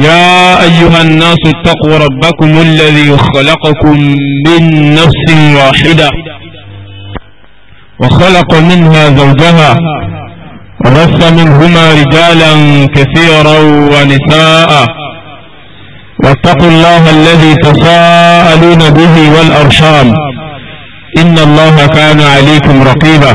يا أيها الناس اتقوا ربكم الذي خلقكم من نفس واحدة وخلق منها زوجها ورث منهما رجالا كثيرا ونساء واتقوا الله الذي تساءلون به والأرشام إن الله كان عليكم رقيبا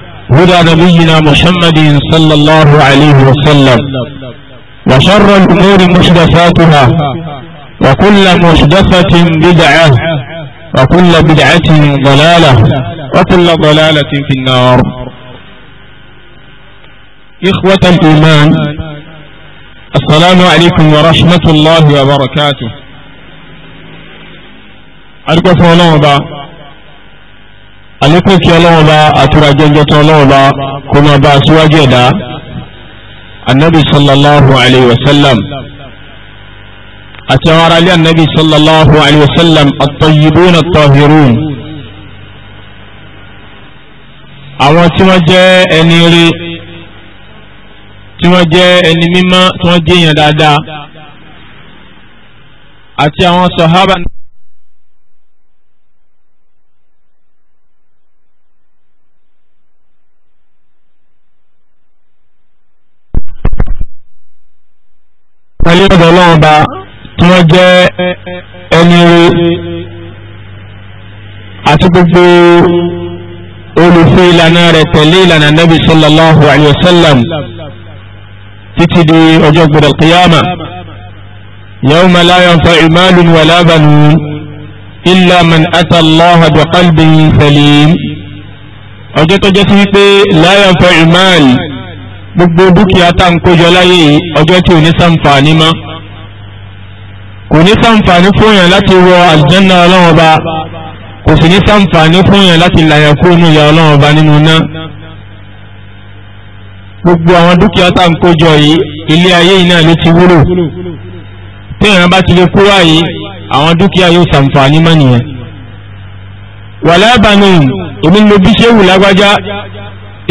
هدى نبينا محمد صلى الله عليه وسلم وشر الأمور محدثاتها وكل محدثة بدعة وكل بدعة ضلالة وكل ضلالة في النار إخوة الإيمان السلام عليكم ورحمة الله وبركاته أرجو فلان àlékún kí ọlọ́wọ́n bá àtúrà jẹ́jẹ́ tó ọlọ́wọ́n bá kó máa bá aṣíwájú ẹ̀dá anabi sallallahu alayhi wa sallam àti àwọn aráalé anabi sallallahu alayhi wa sallam at-tayyibun at-tahirun àwọn tí wọ́n jẹ́ ẹni rí tí wọ́n jẹ́ ẹni mímọ́ tí wọ́n jẹ́ èèyàn dáadáa àti àwọn sọ̀hábà pẹ̀lú ọ̀dọ̀ ọlọ́run ọba tí wọ́n jẹ́ ẹni rere àti gbogbo olùfẹ́ ìlànà rẹ̀ tẹ̀lé ìlànà nabi sallallahu alayhi wa sallam títí di ọjọ́ gbọdọ̀ qiyama yawma la yanfa'u malun wala banun illa man ata allaha bi qalbin salim ọjọ́ tó jẹ́ sí wípé la yanfa'u malun gbogbo dúkìá tá ń kójọ láyé yìí ọjọ́ tí ò ní sàǹfààní mọ́ kò ní sàǹfààní fún yàn láti wọ àlùjánnà ọlọ́run ọba kò sì ní sàǹfààní fún yàn láti làyàn kúrò ní ìyà ọlọ́run ọba nínú iná gbogbo àwọn dúkìá tá ń kójọ yìí ilé ayé yìí náà ló ti wúlò téèyàn bá ti lè kúrò àyè àwọn dúkìá yóò sàǹfààní mọ́ nìyẹn wàlẹ́ àbànú èmi ló bí ṣéwù lágbájá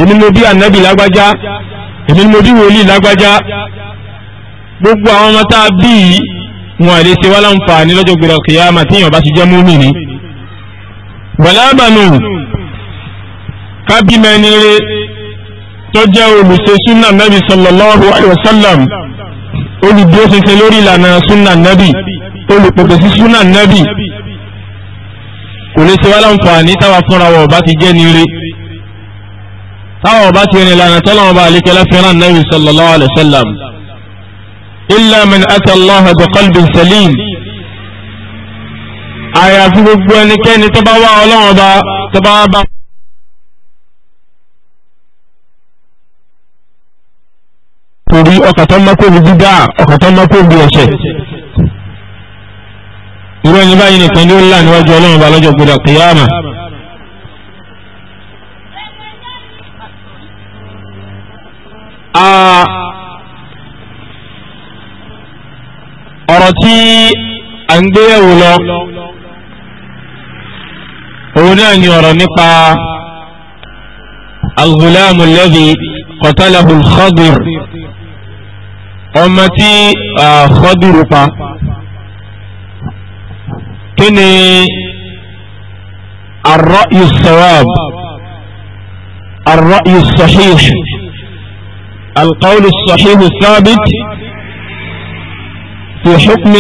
èmi ló bí ànábì lágbájá èmi ni mo bí wòlíì lágbájá gbogbo àwọn ọmọ tá a bí yìí wọn àlè ṣe wá láǹfààní lọ́jọ́ gbèrè kìyàmà tíyàn bá ti jẹ́ múmi ni. bàlábànú kábímẹ́nire tó jẹ́ olùṣe súnà nàbì sallallahu alaihi wasallam olùdúró ṣinṣin lórí ìlànà súnà nàbì olùpèpè sí súnà nàbì kò lè ṣe wá láǹfààní táwa fúnra wọ̀ bá ti jẹ́ nire táwọn ọba ti rìn lànà tọ́lọ́wọ́n bá àlékẹ́ láfẹ́ràn nabi sallallahu alayhi wa sallam illa man ata Allah bi qalbin salim àyàfi gbogbo ẹnikẹ́ni tó bá wá ọlọ́wọ́n bá tó bá bá. torí ọkà tó ń mọ́ kóbi dídá ọkà tó ń mọ́ kóbi ọ̀sẹ̀ irú ẹni báyìí nìkan ni ó là níwájú ọlọ́wọ́n bá lọ́jọ́ gbọdọ̀ kìyàmà. ọ̀rọ̀ tí a gbé ẹwù lọ òun náà ni ọ̀rọ̀ nípa al-ghulamu alladhi qatalahu al-Khadir ọmọ tí Khadir pa kí ni ar-ra'yu as-sawab ar-ra'yu as-sahih al-qawl as-sahih thabit في حكم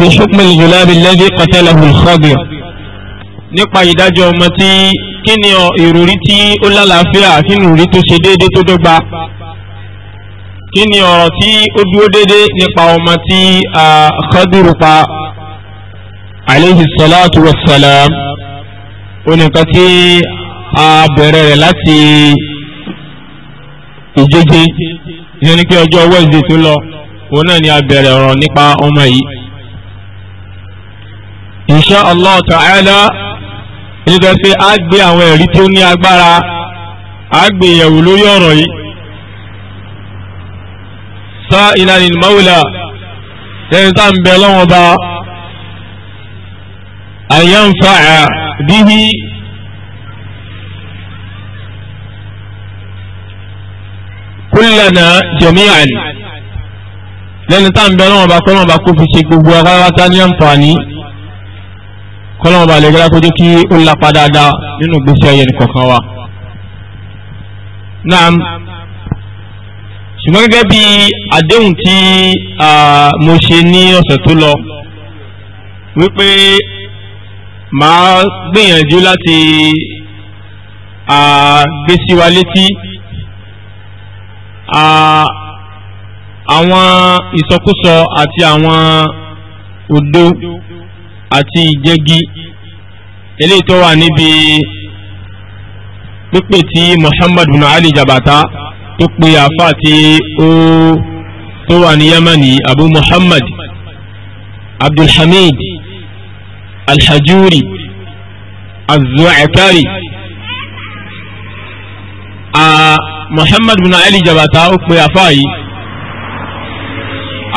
في حكم الغلام الذي قتله الخضر nípa ìdájọ́ ọmọ tí kí ni ìròrí tí ó lálàáfíà kí ni ìròrí tó ṣe déédéé tó dọ́gba kí ni ọ̀rọ̀ tí ó dúró déédéé nípa ọmọ tí Khadiru pa aleyhi salatu wa salam onìkan tí a bẹ̀rẹ̀ rẹ̀ láti ìjẹ́jẹ́ ìyẹn ni pé ọjọ́ Wednesday tó lọ. òun náà ni a bẹ̀rẹ̀ ọ̀rọ̀ nípa ọmọ yìí insha allah ta'ala nígbà pé a gbé àwọn ẹ̀rí tó ní agbára a gbé yẹ̀wò lórí ọ̀rọ̀ yìí sá ìlànà ìmọ̀wùlà ẹni tá ń bẹ lọ́wọ́n ba àyànfà bíbí kullana jami'an. lẹ́ni tá ń bẹ ọlọ́wọ́n bá kọ́lọ́wọ́n bá kó fi ṣe gbogbo aráwátá ní àǹfààní kọ́lọ́wọ́n bá lè gẹ́gẹ́ kó jẹ́ kí ó lápá dáadáa nínú ìgbésí ayé nìkọ̀ọ̀kan wa. naam ṣùgbọ́n gẹ́gẹ́ bí àdéhùn tí mo ṣe ní ọ̀sẹ̀ tó lọ wípé màá gbìyànjú láti gbé sí wa létí àwọn ìsọkúsọ àti àwọn òdo àti ìjẹgi eléyìí tó wà níbi pípè tí Muhammad bin Ali Jabata tó pe àfa tí ó tó wà ní Yamani Abu Muhammad Abdulhamid Alhajuri azu'atari a Muhammad bin Ali Jabata ó pe àfa yìí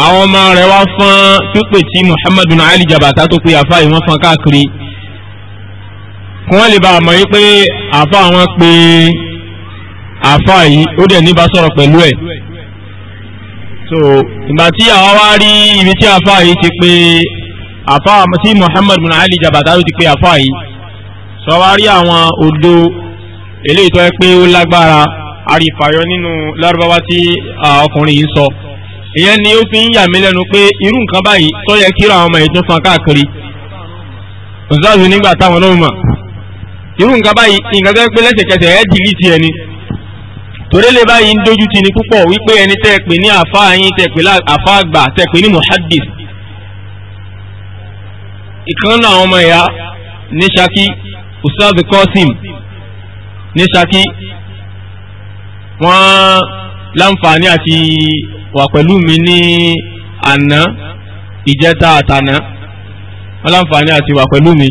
àwọn ọmọ rẹ̀ wá fọ́n pípè tí muhammadu ali jabata tó pe àfa yìí wọ́n fọ́n káàkiri kí wọ́n lè bá a mọ̀ yí pé àfa àwọn pe àfa yìí ó dẹ̀ ní bá sọ̀rọ̀ pẹ̀lú ẹ̀ so ìgbà tí àwa wá rí ibi tí àfa yìí ti pe àfa tí muhammadu ali jabata tó ti pe àfa yìí sọ wá rí àwọn odò eléyìí tó yẹ pé ó lágbára àrífàyọ nínú lárúbáwá tí ọkùnrin yìí sọ. So, ìyẹn ni ó fi ń yà mí lẹ́nu pé irú nǹkan báyìí tó yẹ kíra àwọn ọmọ ìtún fan káàkiri òṣìṣàṣù nígbà táwọn náà mọ̀ irú nǹkan báyìí nǹkan tó yẹ pé lẹ́sẹ̀kẹsẹ̀ ẹ̀ dìlì ti ẹni torí lè báyìí ń dojú ti ni púpọ̀ wípé ẹni tẹ́ ẹ pè ní àfáà yín tẹ́ ẹ pè àfáà àgbà tẹ́ ẹ pè ní muhaddis ìkan náà àwọn ọmọ ìyá ní Ṣakí ustaz Qasim ní Ṣakí wọ́n láǹfààní àti wà pẹ̀lú mi ní àná ìjẹta àtàná wọn láǹfààní àti wà pẹ̀lú mi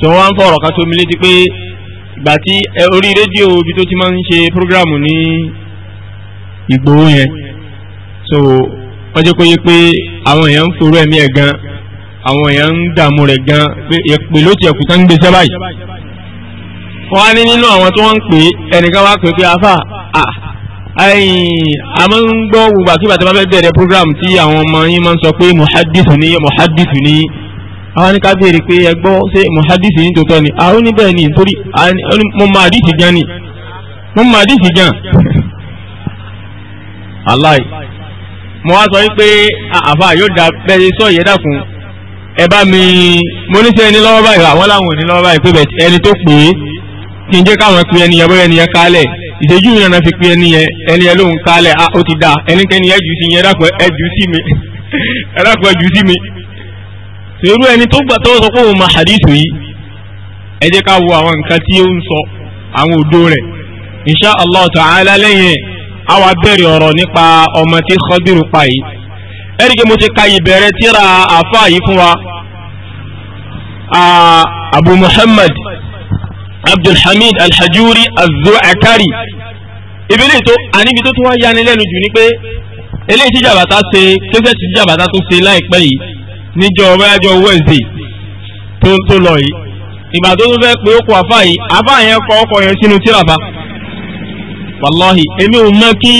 sọ wọn ń fọ̀rọ̀ ká tó mi létí pé ìgbà tí orí rédíò ibi tó ti máa ń ṣe prógráàmù ní Ìgbòho yẹn so wọ́n jẹ́ kó yé pé àwọn èèyàn ń forú ẹ̀mí ẹ̀ gan àwọn èèyàn ń dààmú rẹ̀ gan pé ló ti ẹ̀kú tán ń gbé sẹ́bàyì wọ́n á ní nínú àwọn tó wọ́n ń pè é ẹnìkan wá pè é pé afá àmọ́ ń gbọ́ gbogbo àkíbà tí wọ́n fẹ́ bẹ̀rẹ̀ program tí àwọn ọmọ yín máa ń sọ pé muhadisu ni muhadisu ni àwọn ní ká béèrè pé ẹ gbọ́ ṣé muhadisu ni tòótọ́ ni àwọn oníbẹ̀rẹ̀ ni nítorí mo máa dìsí gan ni mo máa dìsí gan aláì mo wá sọ yín pé àfa yóò da bẹ́ẹ̀ sọ ìyẹn dàkún ẹ bá mi mo ní sẹ́ni lọ́wọ́ báyìí àwọn làwọn ò ní lọ́wọ́ báyìí pé ẹni tó pè é kí n jẹ́ káwọn pe ìṣẹ́jú yìí nana fi pé ẹni yẹn ẹni yẹn lóhùn kálẹ̀ a ah, ó ti da ẹnikẹ́ni ẹ jù sí yẹn ẹ̀dàkọ̀ ẹ jù sí mi ẹ̀dàkọ̀ ẹ jù sí mi. sèrú ẹni tó gbà tọ́wọ́ sọ pé òun ma hadith yìí ẹ jẹ́ ká wo àwọn nǹkan tí ó ń sọ àwọn òdo rẹ̀ insha allah ta'ala lẹ́yìn a bẹ̀rẹ̀ ọ̀rọ̀ nípa ọmọ tí Khadiru pa yìí ẹ̀ríkẹ́ mo ti ka ìbẹ̀rẹ̀ tíra àfa yìí fún wa ah, Abu Muhammad abdulhamid alhajuri azuakari ìbílẹ̀ tó àníbi tó tún wá yanilẹ́nu jù ni pé eléyìí tí jàbàtà ṣe kéfẹ́ tí jàbàtà tún ṣe láìpẹ́ yìí níjọ ọbẹ̀yàjọ wednesday tó tó lọ yìí ìgbà tó tún fẹ́ pé ó kọ àfáà yìí àfáà yẹn kọ ọkọ yẹn sínú tíraba wàláhì èmi ò mọ kí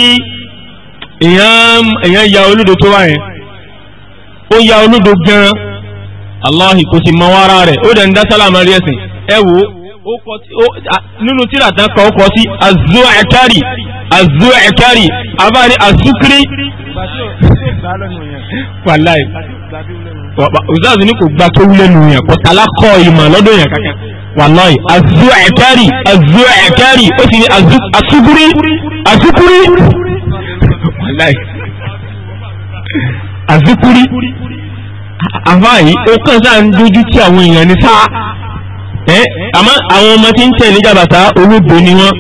èèyàn ya olódo tó bá yẹn ó ya olódo gan-an aláhì kò sì mọ wára rẹ̀ ó dẹ̀ ń dá sálàmù rí ẹ̀sìn wò ó nínú tíra tán kan ó kọ sí azuakari azuakari abáni azukiri wàláì ọ̀záàzù ní kò gba tó wúlẹ̀ nù yẹn kò tàlá kọ́ ìmọ̀ lọ́dọ̀ yẹn kankan wàláì azuakari azuakari ó sì ní azukiri azukiri wàláì azukiri àbáyé ó kàn sáà ń dojú tí àwọn èèyàn ní sáà. ẹ àmọ́ àwọn ọmọ tí ń tẹ̀ ní jàbàtà olóògbé ni wọ́n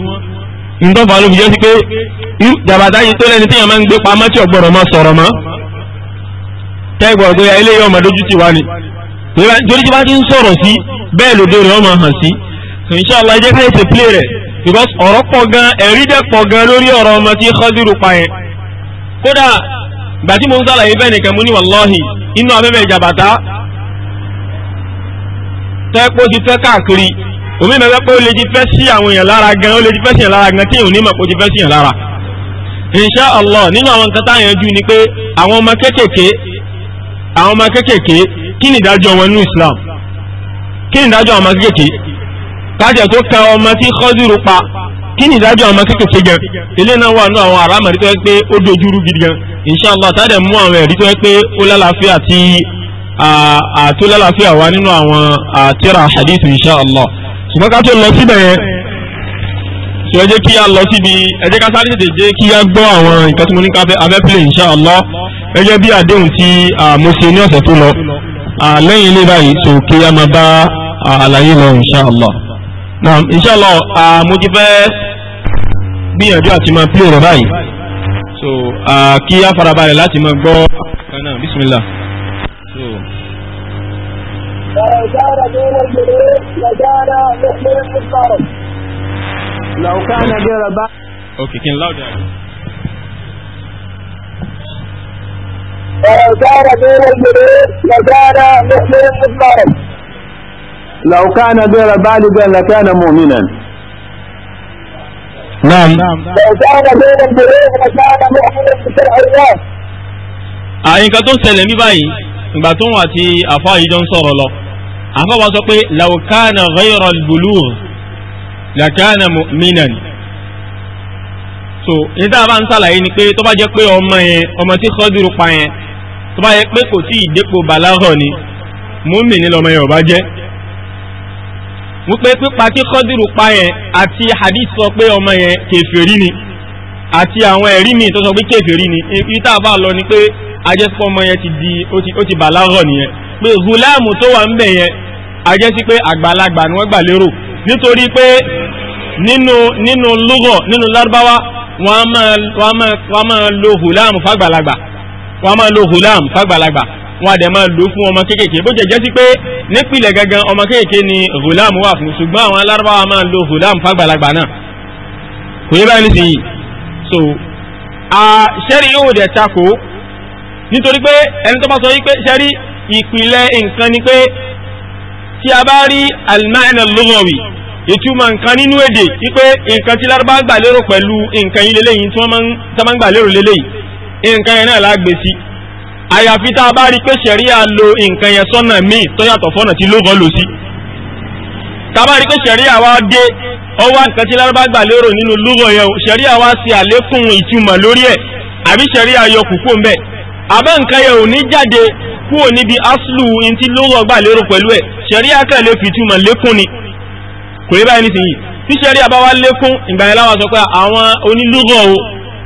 ntọ́fà ló fi sí pé jàbàtà yìí tó lẹ́ni téèyàn máa ń gbé pamọ́ tí ọ̀gbọ̀rọ̀ máa sọ̀rọ̀ mọ́ tẹ́gbọ̀rọ̀ tó yà eléyìí ọmọ ti wá ni torí bá ti ń sọ̀rọ̀ sí bẹ́ẹ̀ lòdò rẹ̀ ọmọ hàn sí so inshallah jẹ́ ká rẹ̀ because ọ̀rọ̀ pọ̀ gan ẹ̀rí tẹ́pọ̀ ti fẹ́ káàkiri omi ìmọ̀ pé ó lè ti fẹ́ sí àwọn èèyàn lára gan ó lè ti fẹ́ sí èèyàn lára gan tí èèyàn onímọ̀ pé ó ti fẹ́ sí èèyàn lára insha allah nínú àwọn nǹkan táyàn jù ni pé àwọn ọmọ kéékèèké àwọn ọmọ kéékèèké kí ni ìdájọ́ wọn nínú islam kí ni ìdájọ́ àwọn ọmọ kéékèèké kájẹ̀ tó ka ọmọ tí kọ́dúró pa kí ni ìdájọ́ àwọn ọmọ kéékèèké gan ilé náà wà nínú àwọn àràmọ̀ rí tó yẹ pé ó dojúrú gidi gan insha allah táyà mú àwọn ẹ̀rí tó yẹ pé ó lálàáfíà tí àtúlálàfíà wa nínú àwọn àtírà hadith insha Allah ṣùgbọ́n ká tó lọ síbẹ̀ yẹn tí ó jẹ́ kí a lọ síbi ẹjẹ́ ká sáré tètè jẹ́ kí a gbọ́ àwọn nǹkan tí mo ní ká abẹ́pìlẹ̀ insha Allah gẹ́gẹ́ bí àdéhùn tí mo ṣe ní ọ̀sẹ̀ tó lọ lẹ́yìn ilé báyìí tó kí a máa bá àlàyé lọ insha Allah náà insha Allah mo ti fẹ́ gbìyànjú àti máa pílè rẹ̀ báyìí so kí a farabalẹ̀ láti máa gbọ́ kan náà bismillah. فلو كان بين الجنود لكان مؤمنا مضطرا لو كان بين بعض اوكي louder لكان مؤمنا لو كان غير بالغا لكان مؤمنا نعم لو كان بين الجنود لكان مؤمنا مضطرا àyíká tó ń ṣẹlẹ̀ ní báyìí ìgbà tó wọn àti àfa yìí jọ ń sọ̀rọ̀ lọ àfa wa sọ pé laukana ghayra al-bulugh lakana mu'minan so ní tá a bá ń sàlàyé ni pé tó bá jẹ́ pé ọmọ yẹn ọmọ tí Khadiru pa yẹn tó bá yẹ pé kò tí ì dépò bàlágọ̀ ni mùmínì lọ́mọ yẹn ò bá jẹ́ wípé pípa tí Khadiru pa yẹn àti hadith sọ pé ọmọ yẹn kèfèrí ni àti àwọn ẹ̀rí mi tó sọ pé kèfèrí ni ibi tá a bá lọ ni pé ajẹ́sípọ̀ ọmọ yẹn ti di ó ti bàlágọ̀ nìyẹn pé gùláàmù tó wà ń bẹ̀ yẹn ajẹ́sí pé àgbàlagbà ni wọ́n gbà lérò nítorí pé nínú nínú lúgọ̀ nínú lárúbáwá wọ́n á máa lo gùláàmù fàgbàlagbà wọ́n á máa lo gùláàmù fàgbàlagbà wọ́n á dẹ̀ máa lò fún ọmọ kéékèèké bó jẹ́ jẹ́ pé nípìnlẹ̀ gangan ọmọ kéékèèké ni gùláàmù wà fún ṣùgbọ́n àwọn lárúbáwá máa lo gùláàmù fàgbàlagbà náà kò yẹ báyìí nísìnyí so ṣẹ́rí yóò dẹ̀ takò nítorí pé ẹni tó bá sọ wípé sẹ́rí ìpìlẹ̀ nǹkan ni pé tí a bá rí al-ma'na al-lughawi ìtumọ̀ nǹkan nínú èdè wípé nǹkan tí lárúbá gbà lérò pẹ̀lú nǹkan yìí lélẹ́yìn tí wọ́n máa ń gbà lérò lélẹ́yìn nǹkan yẹn náà lágbè sí àyàfi tá a bá rí pé sẹ̀ríà lo nǹkan yẹn sọ́nà míì tó yàtọ̀ fọ́nà tí lóògùn lò sí tá a bá rí pé sẹ̀ríà wa dé ọwọ́ nǹkan tí lárúbá gbà lérò nínú lóògùn yẹn sẹ̀ríà wa ṣe àlékún ìtumọ̀ lórí ẹ̀ àbí sẹ̀ríà yọ kúkú mbẹ́ẹ̀ àbẹ́ nǹkan yẹn ò ní jáde kúrò níbi aslu in ti lóòrọ̀ gbà lérò pẹ̀lú ẹ̀ ṣẹ̀ríà kan lè fi túmọ̀ lékún ni kò rí báyìí nísìnyí tí ṣẹ̀ríà bá wá lékún ìgbà yẹn láwọn sọ pé àwọn onílúgọ̀ o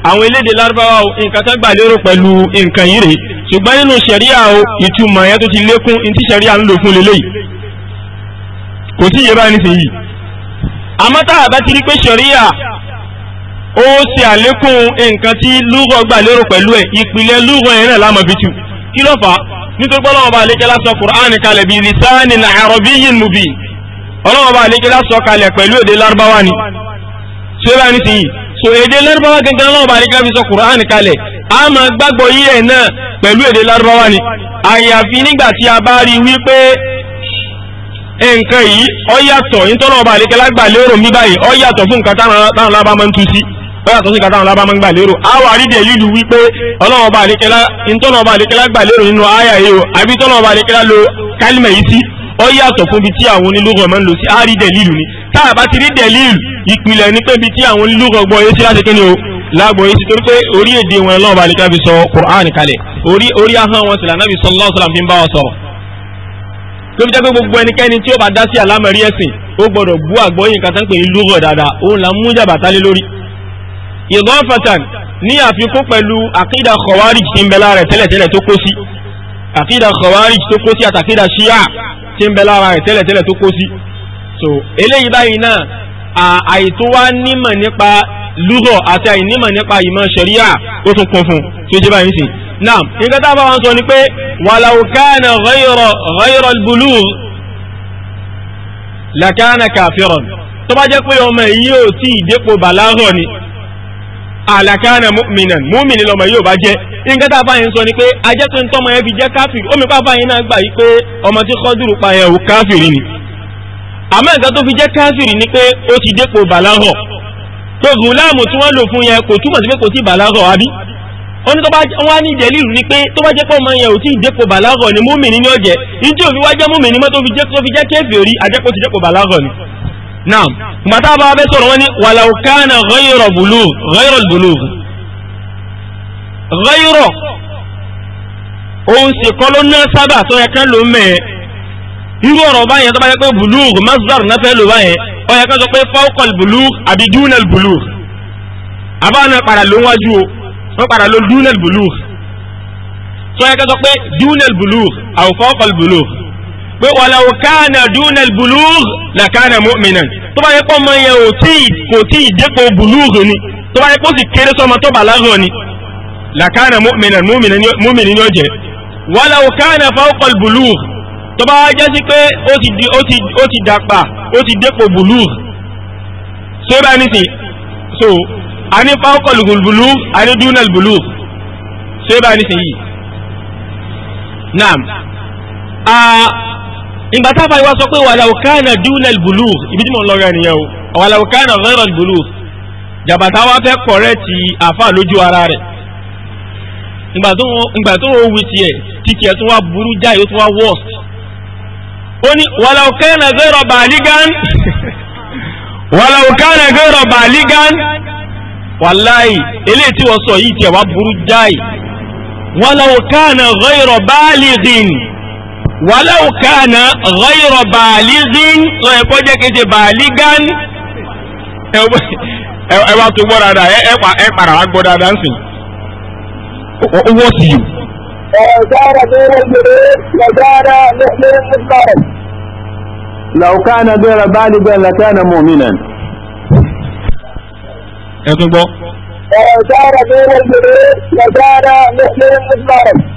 àwọn elédè lárúbáwá o nǹkan tó gbà lérò pẹ̀lú nǹkan yìí rè ṣùgbọ́n nínú ṣẹ̀ríà o ìtumọ̀ yẹn tó ti lékún in ti ṣẹ̀ríà ń fún leléyìí kò tí yé báyìí nísìnyí àmọ́ tá a bá ti rí pé ṣẹ̀ríà ó ṣe àlékún nǹkan tí lúgọ gbà lérò pẹ̀lú ẹ̀ ìpìlẹ̀ lúgọ yẹn náà lámọ̀ bìtú kí ló fà á nítorí pé ọlọ́wọ́ bá àlékẹ́ lásọ kùránì kalẹ̀ bíi lisani na àrọ̀bí yìí nù bíi ọlọ́wọ́ bá àlékẹ́ lásọ kalẹ̀ pẹ̀lú èdè lárúbáwá ni tí ó bá ní sìn yìí so èdè lárúbáwá gangan ọlọ́wọ́ bá àlékẹ́ fi sọ kùránì kalẹ̀ a máa gbàgbọ́ yí ẹ̀ náà pẹ̀lú èdè lárúbáwá ni àyàfi nígbà tí a bá rí wípé nǹkan yìí ó yàtọ̀ nítorí ọlọ́wọ́ bá àlékẹ́ lágbà lérò mi báyìí ó yàtọ̀ fún nǹkan táwọn lábá máa ń tu sí lọ́yà tó sì kàtà àwọn lábàmọ́ gbà lérò àwọn àrídìí èyí lu wípé ọlọ́wọ́n bá àlékẹ́lá ìtọ́nà bá àlékẹ́lá gbà lérò nínú àyà yìí o àbí tọ́nà bá àlékẹ́lá lo kálímà yìí sí ó yàtọ̀ fún ibi tí àwọn onílùkọ̀ máa ń lò sí àárí dẹ̀lílù ni tá a bá ti rí dẹ̀lílù ìpìlẹ̀ ni pé ibi tí àwọn onílùkọ̀ gbọ́ yé sí láti kí ni o lágbọ́ yé sí torí pé orí èdè wọn lọ́wọ́ balẹ̀ káfí sọ Qur'an kalẹ̀ orí orí ahọ́n wọn sì lànà bí sallallahu alaihi wasallam fi ń bá wọn sọ̀rọ̀. ló fi jẹ́ pé gbogbo ẹnikẹ́ni tí ó bá dá sí àlámọ̀rí ẹ̀sìn ó gbọ́dọ̀ bú àgbọ́yìn kan tán pé ìlú rọ̀ dáadáa òun là ń mú jàbàtà lé lórí ìdọ́fàtàn ní àfikún pẹ̀lú àkídà khawarij tí ń bẹ lára rẹ̀ tẹ́lẹ̀tẹ́lẹ̀ tó kó sí àkídà khawarij tó kó sí àtàkídà ṣíà tí ń bẹ rẹ̀ tẹ́lẹ̀tẹ́lẹ̀ tó kó sí so eléyìí báyìí náà àìtó wá nímọ̀ nípa lúgọ̀ àti àìnímọ̀ nípa ìmọ̀ ṣẹ̀ríà ó tún kún fún tí ó jẹ́ báyìí sí náà nǹkan tá a bá wọn sọ ni pé walau kana ghayra ghayra al lakana kafiran tó bá jẹ́ pé ọmọ yìí ò tí ì dépò bàlágọ̀ ni àlàkánà mọ́mìnà mọ́mìnì lọ́mọ yóò bá jẹ́ nǹkan tá a fáyín sọ ni pé ajẹ́ tó ń tọ́mọ ẹ fi jẹ́ káfìrí omi pa fáyín náà gbà yí pé ọmọ tí kọ́dùrù pa ẹ̀ ò káfìrí ni àmọ́ nǹkan tó fi jẹ́ káfìrí ni pé ó ti dépò bàláhọ̀ tó gùnláàmù tí wọ́n lò fún yẹn kò túmọ̀ sí pé kò tí bàláhọ̀ àbí wọ́n ní ìdẹ́lìrú ni pé tó bá jẹ́ pé ọmọ yẹn ò tí ì dépò bàláhọ̀ ni mọ́mìnì ni ó jẹ́ òfin wá jẹ́ mọ́mìnì mọ́ tó fi jẹ́ kéfìrí àjẹ́pọ̀ ti dépò bàláhọ̀ ni naam gbàtà bá bẹ́ sọ̀rọ̀ wọ́n ní walau kana ghayra bulugh ghayra bulugh ghayra òun sì kọ́ ló ná sábà tó yẹ ká ló mẹ́ irú ọ̀rọ̀ báyẹn tó bá yẹ pé bulugh masdar náà fẹ́ ló báyẹn ó yẹ ká sọ pé fawqal bulugh àbí dunal bulugh àbáwọn padà ló wájú o wọ́n padà ló dunal bulugh tó yẹ ká pé dunal bulugh aw fawqal bulugh pé walau kana dunal bulugh la kana mu'minan tó bá yẹ kó ọmọ yẹn ò tí kò tí ì dépò bulugh ni tó bá yẹ kó sì kéré sọmọ tó bàlágà ni la kana mu'minan ni ó jẹ́ walau kana fawqal bulugh tó bá wá sí pé ó ti dàpà ó ti dépò bulugh ṣé bá ní sí so a ní fawqal bulugh a ní dunal bulugh ṣé bá ní sí yìí naam ìgbà tábà ìwà sọ pé wà láwùkánà dúnà ìbùlù ibi tí mo lọ rẹ nìyẹn o wà láwùkánà rẹ́rọ̀ ìbùlù jàbàtà wa fẹ́ kọ̀rẹ́ ti àfà lójú ara rẹ̀ ìgbà tó wọ́n wí tiẹ̀ títí ẹ̀ tó wá burú jáì ó tó wá worst ó ní wà láwùkánà rẹ́rọ̀ bàálígán wà láwùkánà rẹ́rọ̀ bàálígán wàláì eléyìí tí wọ́n sọ yìí tiẹ̀ wá burú jáì wà láwùkánà rẹ́rọ̀ bàálígán walau kana ghayra balizin lọ ẹ̀kọ́ jẹ́ kéde baligan ẹwà tó gbọ́ dáadáa ẹ para wa gbọ́ dáadáa ń sìn owó sí yìí. ọ̀gára bẹ́ẹ̀rẹ̀ bẹ́ẹ̀rẹ̀ ọ̀gára bẹ́ẹ̀rẹ̀ bẹ́ẹ̀rẹ̀. law kana ghayra baligan lakana mu'minan. ẹ tún gbọ́. ọ̀gára bẹ́ẹ̀rẹ̀ bẹ́ẹ̀rẹ̀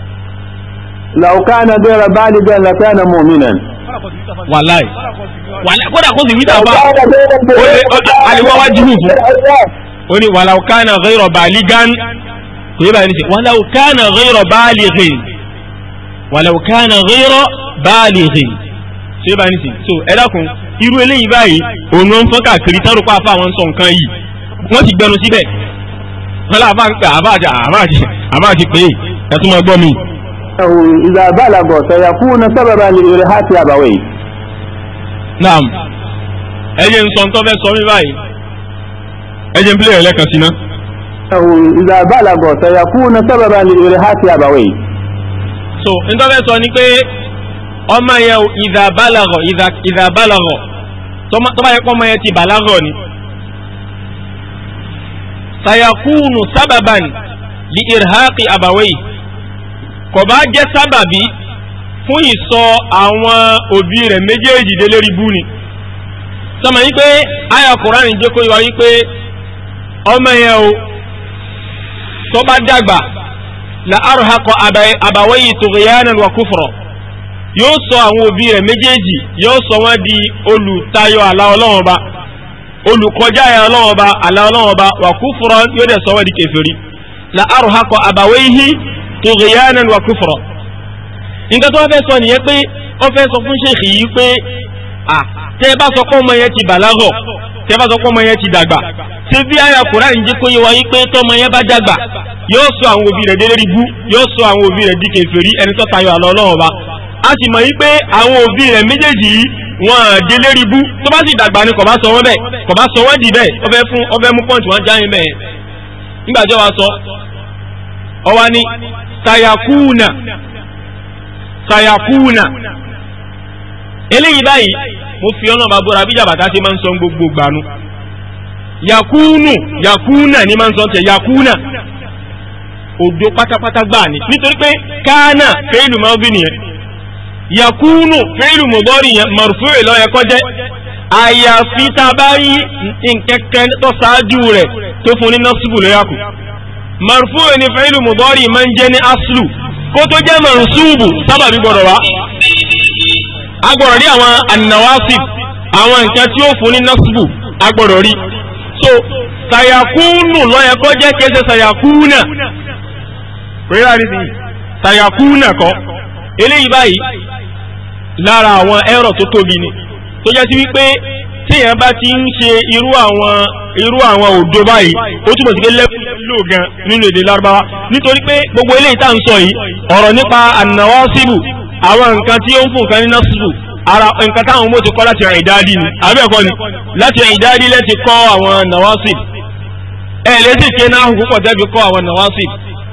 làwùkánà dẹ́ra báàlì bẹ́ẹ̀ làkánà mọ̀mìnà. wàláì kódà kó sì wí tàbá àlewá wá jùlù fún ó ní wàlàwùkánà rírọ̀ báàlì gán kò yẹ báyìí ní sè wàlàwùkánà rírọ̀ báàlì rìn wàlàwùkánà rírọ̀ báàlì rìn kò yẹ báyìí ní sè so ẹ irú eléyìí báyìí òun ló ń fọ́n káàkiri tán ló pa àwọn sọ nǹkan yìí wọ́n ti gbẹnu síbẹ̀ wọ́n àbá àti àbá àti pé ẹ̀ tún máa gbọ́ mi. أنه إذا بلغ سيكون سببا لإرهاق أبويه نعم ẹjẹ ń sọ ń tọ́fẹ́ sọ mí báyìí ẹjẹ إذا بلغ سيكون سببا لإرهاق أبويه. so ń tọ́fẹ́ sọ ni pé ọmọ yẹn إذا بلغ إذا بلغ tọ́ba yẹ kó ọmọ yẹn سيكون سببا لإرهاق أبويه. kọbaa bá jẹ́ sábàbí fún ìsọ àwọn òbí re méjèèjì dé lérí bú ni sọmọ yí pé àyà Kùránì jẹ́ kó yọ yí pé ọmọ yẹn o tó dàgbà la arhaqo àbàwẹ́yì tughyanan wa yóò sọ àwọn òbí rẹ̀ méjèèjì yóò sọ di olùtayọ àlà ba olùkọjá ẹ̀ Ọlọ́run ba àlà sọ di la tughyanan wa kufra nǹkan tó wá fẹ́ sọ nìyẹn pé ó fẹ́ sọ fún ṣèkì yìí pé à tẹ́ ẹ bá sọ pé ọmọ yẹn ti bàlágọ̀ tẹ́ ẹ bá sọ pé ọmọ yẹn ti dàgbà ṣé bí àyà Kùránì ń jẹ́ kó yé wa yí pé tọ́mọ yẹn bá dàgbà yóò sọ àwọn òbí rẹ̀ délé ribú yóò sọ àwọn òbí rẹ̀ di kèfèrí ẹni tó tayọ àlọ́ Ọlọ́run ọba a sì mọ̀ yí pé àwọn òbí rẹ̀ méjèèjì yìí wọn délé ribú tó bá sì dàgbà ni kò bá sọ wọn bẹ́ẹ̀ kò bá sọ wọn dì bẹ́ẹ̀ ọbẹ̀ fún ọbẹ̀ mú pọ́ǹtì wọn jáyìn bẹ́ẹ̀ nígbà tí wọ́n sọ ọwá ní sayakuna sayakuna eléyìí báyìí mo fi ọlọ́run bá bóra bí jàbàtà ṣe máa ń sọ gbogbo gbanú yakunu yakuna ni máa ń sọ tẹ yakuna òdo pátápátá gbà ní nítorí pé kánà fẹ́ẹ́lù máa ń bí nìyẹn yakunu fẹ́ẹ́lù mọ̀bọ́rì yẹn mọ̀rùfú ìlọ́yẹ kọjẹ́ àyàfi tá a bá rí nǹkan kan tó ṣáájú rẹ̀ tó fún ní nọ́ọ̀sìbù lóyàkù. marfu ni fẹ́ìlù mùdọ́rì máa ń jẹ́ ní aslu kó tó jẹ́ mansubu sábàbí gbọ́dọ̀ wá agbọ̀rọ̀ rí àwọn annawasib àwọn nǹkan tí ó fún ní nasbu agbọ̀rọ̀ rí so sayakunu lọ́yẹ kọ́ jẹ́ kéṣe sayakuna rírà sayakuna kọ́ eléyìí báyìí lára àwọn ero tó tóbi ni tó jẹ́ sí wípé téèyàn bá ti ń ṣe irú àwọn òdo báyìí ó túmọ̀ sí pé lẹ́kùnlò gan nínú èdè lárúbáwá nítorí gbogbo eléyìí ita ń sọ yìí ọ̀rọ̀ nípa ànàwásíbù àwọn nǹkan tí ó ń fún nǹkan ara nǹkan táwọn ọmọ ti kọ́ láti rìn ni àbẹ́ ẹ̀kọ́ ni láti kọ́ àwọn ẹ̀ lẹ́sìn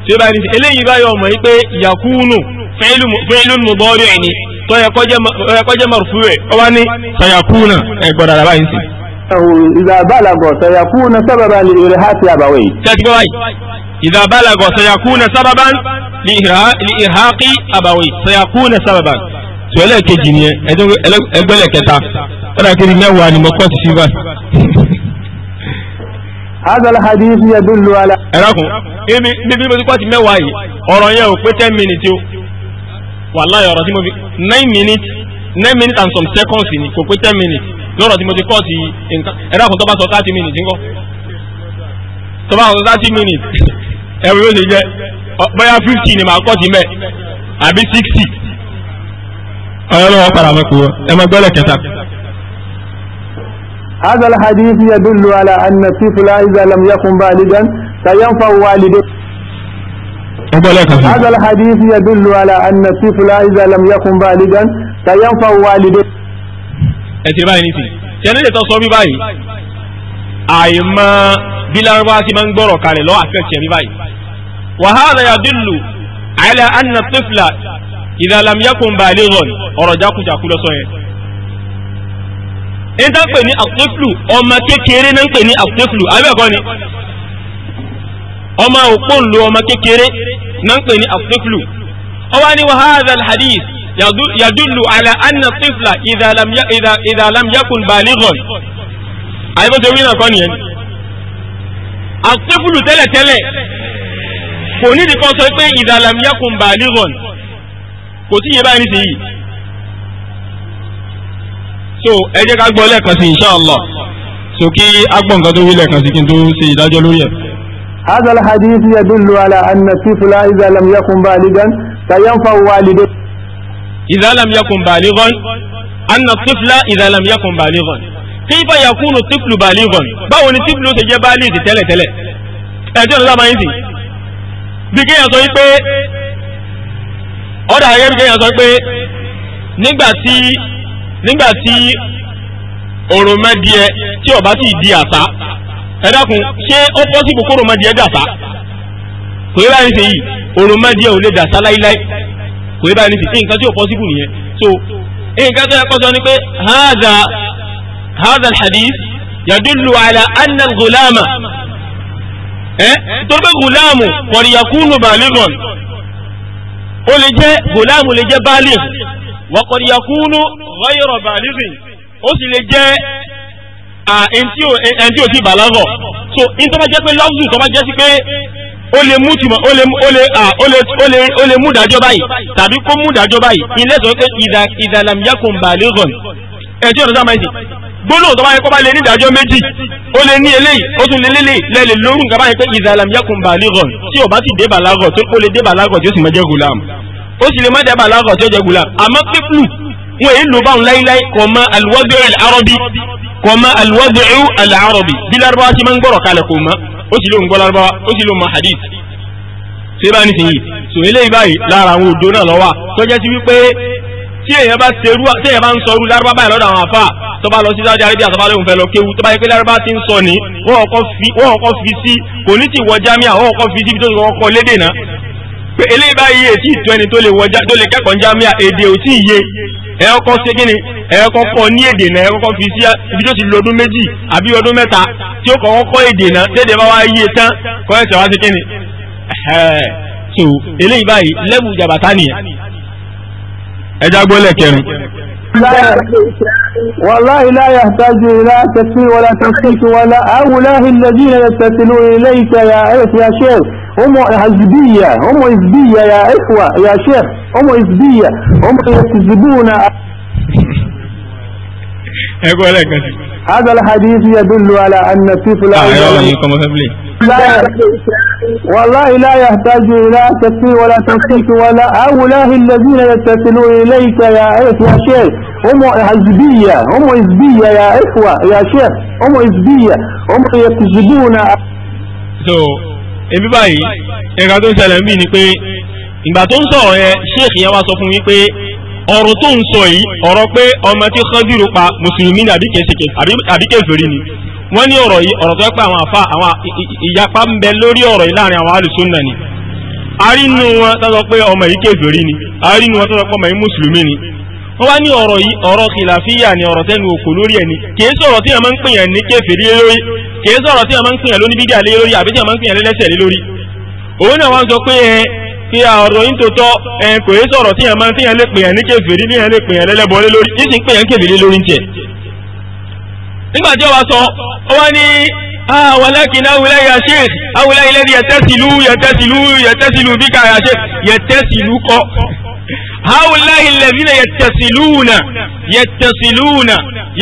tí ó bá ní eléyìí báyọ̀ mọ̀ wípé yakunu fẹ́ẹ́lú mọ̀bọ́ọ̀rì ẹ̀ ni tó yẹ kọjá mọ̀rùfú rẹ̀ ó wá ní sayakuna ẹ̀ gbọ́dọ̀ àlàbà yìí sí. ìdá bàlàgọ̀ sayakuna sábàbà ní ìrẹ̀ ha ti àbàwẹ̀ yìí. tẹ́tí bá wáyìí ìdá bàlàgọ̀ sayakuna ní ìhàkí àbàwẹ̀ sayakuna kiri mẹ́wàá ni mo kọ́ hadal hadith yadullu ala. ẹ̀rọ̀kùn èmi níbi mo ti kọ́ ti mẹ́wàá yìí ọ̀rọ̀ yẹn ò pé ten minutes o wàláyé ọ̀rọ̀ tí mo fi nine minutes nine minutes and some seconds ni kò pé ten minutes lọ́rọ̀ tí mo ti kọ́ ti nǹkan ẹ̀rọ̀kùn tó sọ thirty minutes ńkọ́ tó bá sọ thirty minutes ẹ̀rọ yóò ṣe jẹ́ bóyá fifty ni màá kọ́ ti mẹ́ àbí sixty ọ̀yọ́ lọ́wọ́ padà mẹ́kọ̀ọ́ ẹ̀ máa gbọ́lẹ̀ kẹta. هذا الحديث يدل على أن الطفل إذا لم يكن بالغا سينفع والده هذا الحديث يدل على أن الطفل إذا لم يكن بالغا سينفع والده tẹ́lẹ̀ lè tọ́ sọ bí báyìí àìmọ́ bí lárúbá ti máa ń gbọ́rọ̀ kalẹ̀ lọ́wọ́ àfẹ́kẹ́ bí báyìí wàhálà yadullu ala anna tifla idha lam yakun balighan ọ̀rọ̀ jákujàku lọ́sọ̀ yẹn ní tá ń pè ní àtọ́flù ọmọ kékeré náà ń pè ní àtọ́flù abẹ́ẹ̀kọ́ ni ọmọ òpónlò ọmọ kékeré náà ń pè ní àtọ́flù ọwá ní wàhálà alhadis yadullu ala anna tifla idha lam yakun balighan àyẹ̀bọ́tò wí náà kọ́ nìyẹn àtọ́flù tẹ́lẹ̀tẹ́lẹ̀ kò nídìí kan sọ pé idha lam yakun kò sí yẹ báyìí nísìnyí so ẹ jẹ́ ká gbọ́ lẹ́ẹ̀kan sí inṣàlá so kí a gbọ́ nǹkan tó wí lẹ́ẹ̀kan sí kí n tó ṣe ìdájọ́ lórí ẹ̀. هذا الحديث يدل على أن الطفل إذا لم يكن بالغا فينفع والده إذا لم يكن بالغا أن الطفل إذا لم يكن بالغا كيف يكون الطفل بالغا báwo ni طفل ṣe jẹ́ بالغ tẹ́lẹ̀ tẹ́lẹ̀ ẹjọ́ ńlá máa ń sìn bí kéèyàn sọ pé ọ̀dà ayé bí kéèyàn sọ pé nígbà tí nígbà tí òròmọdìẹ tí ó bá sì di àtá ẹ dákun ṣé ó pọ́ sí kòkòrò mọ́dìẹ dàtá kò yẹ báyìí ṣe yìí òròmọdìẹ ò lè dàtá láíláí kò yẹ báyìí ṣe nǹkan tí ò pọ́ sí kù nìyẹn so nǹkan tó yẹ kó sọ ni pé haza haza alhadith yadullu ala anna al-ghulama tó pé gùlámù kọ̀rìyàkúnù bàlígàn ó lè jẹ́ gùlámù lè jẹ́ bàlígàn wọ́kọ̀ ni yakunu ghayra balighin ó sì lè jẹ́ ẹni tí ò ti bàlágọ̀ so in tó bá jẹ́ pé lọ́wọ́sù tó bá jẹ́ sí pé ó lè mú tìmọ̀ ó lè ó lè mú dájọ́ báyìí tàbí kó mú dájọ́ báyìí ilé sọ pé idha lam yakun balighan ẹni tí ò ti bàlágọ̀ gbólóhùn tó bá yẹ kó bá lè ní ìdájọ́ méjì ó lè ní eléyìí ó tún lè lélẹ̀ lẹ́lẹ̀ lórú nǹkan báyìí pé idha lam tí ò bá sì dé bàlágọ̀ tó ó lè dé bàlágọ̀ tí sì máa gùlàmù ó sì lè má dábàá aláǹkà tí ó jẹ gùlà àmọ́ pípùlù wọn èyí ló báwọn láíláí kò mọ alwadu al-arabi kò mọ alwadu al-arabi bí lárúbáwá ti máa ń gbọ́rọ̀ kalẹ̀ kò mọ ó sì lè ń gbọ́ lárúbáwá ó sì lè mọ hadith ṣé bá nísìnyí sò eléyìí báyìí lára àwọn òdo náà lọ́wọ́ tọ́jẹ́ sí wípé tí èèyàn bá serú tí èèyàn bá ń sọrú lárúbá báyìí lọ́dọ̀ àwọn àfà tó bá lọ sí Saudi Arabia tó bá lóun fẹ́ lọ kéwu tó bá yẹ pé lárúbá ti ń sọ ní wọ́n kọ́ fi sí kò ní ti wọ jámíà wọ́n kọ́ fi síbi tó ti kọ́ lédè náà pé eléyìí báyìí èsì ìtọ́ ẹni tó lè wọjá tó lè kẹ́kọ̀ọ́ jámíà èdè ò tí ì yé ẹ̀rọ kan ṣe kíni ẹ̀rọ kan kọ́ ní èdè náà ẹ̀rọ kan fi sí ibi tó ti lo ọdún méjì àbí ọdún mẹ́ta tí ó kọ́kọ́ kọ́ èdè náà tẹ́lẹ̀ bá wá yé e tán kọ́ ẹ̀sẹ̀ wá sí kíni. so eléyìí báyìí lẹ́bù jàbàtà nìyẹn ẹja gbọ́lẹ̀ kẹrin. والله لا يحتاج إلى تسمية ولا تنقيح ولا أولاه الذين يتصلون إليك يا يا شيخ هم حزبية هم حزبية يا إخوة يا شيخ هم حزبية هم يكذبون هذا الحديث يدل على أن الطفل آه، لا والله لا يحتاج إلى تكفير ولا تنقيح ولا هؤلاء الذين يتصلون إليك يا يا شيخ هم حزبية هم حزبية يا إخوة يا شيخ هم حزبية هم يكذبون So èmi báyìí ẹ̀ka tó ń ṣẹlẹ̀ mí ni pé ìgbà tó ń sheikh yẹn wá sọ fún mi pé ọ̀rọ̀ tó ń sọ yìí ọ̀rọ̀ pé ọmọ tí pa mùsùlùmí ni àbí ni wọ́n ní ọ̀rọ̀ yìí ọ̀rọ̀ tó yẹ àwọn àfa àwọn ìyapa ń bẹ lórí ọ̀rọ̀ wọn tó sọ pé ọmọ yìí ni wọn tó sọ pé mùsùlùmí ni wọ́n wá ní ọ̀rọ̀ yìí ọ̀rọ̀ kìláfíyà ni ọ̀rọ̀ tẹ́nu òkò lórí ẹ̀ ni kìí sọ̀rọ̀ tí a máa ń pèyàn ní kèfèrí lórí kìí sọ̀rọ̀ tí a máa ń pèyàn lóní bídíà lé lórí àbí tí a máa ń pèyàn lẹ́lẹ́sẹ̀ lé lórí. òun náà wá sọ pé ẹ kí ọ̀rọ̀ yìí tó tọ́ ẹ kò yé sọ̀rọ̀ tí a máa ń pèyàn lé pèyàn ní kèfèrí ní lé pèyàn lẹ́lẹ́bọ lé lórí yìí sì ń pèyàn kèfèrí lórí tiẹ̀. nígbà tí ó wá sọ ó wá ní ولكن هؤلاء يا شيخ هؤلاء الذي يتصلوا يتصلوا يتصلوا بك يا شيخ يتصلوا هؤلاء الذين يتصلون يتصلون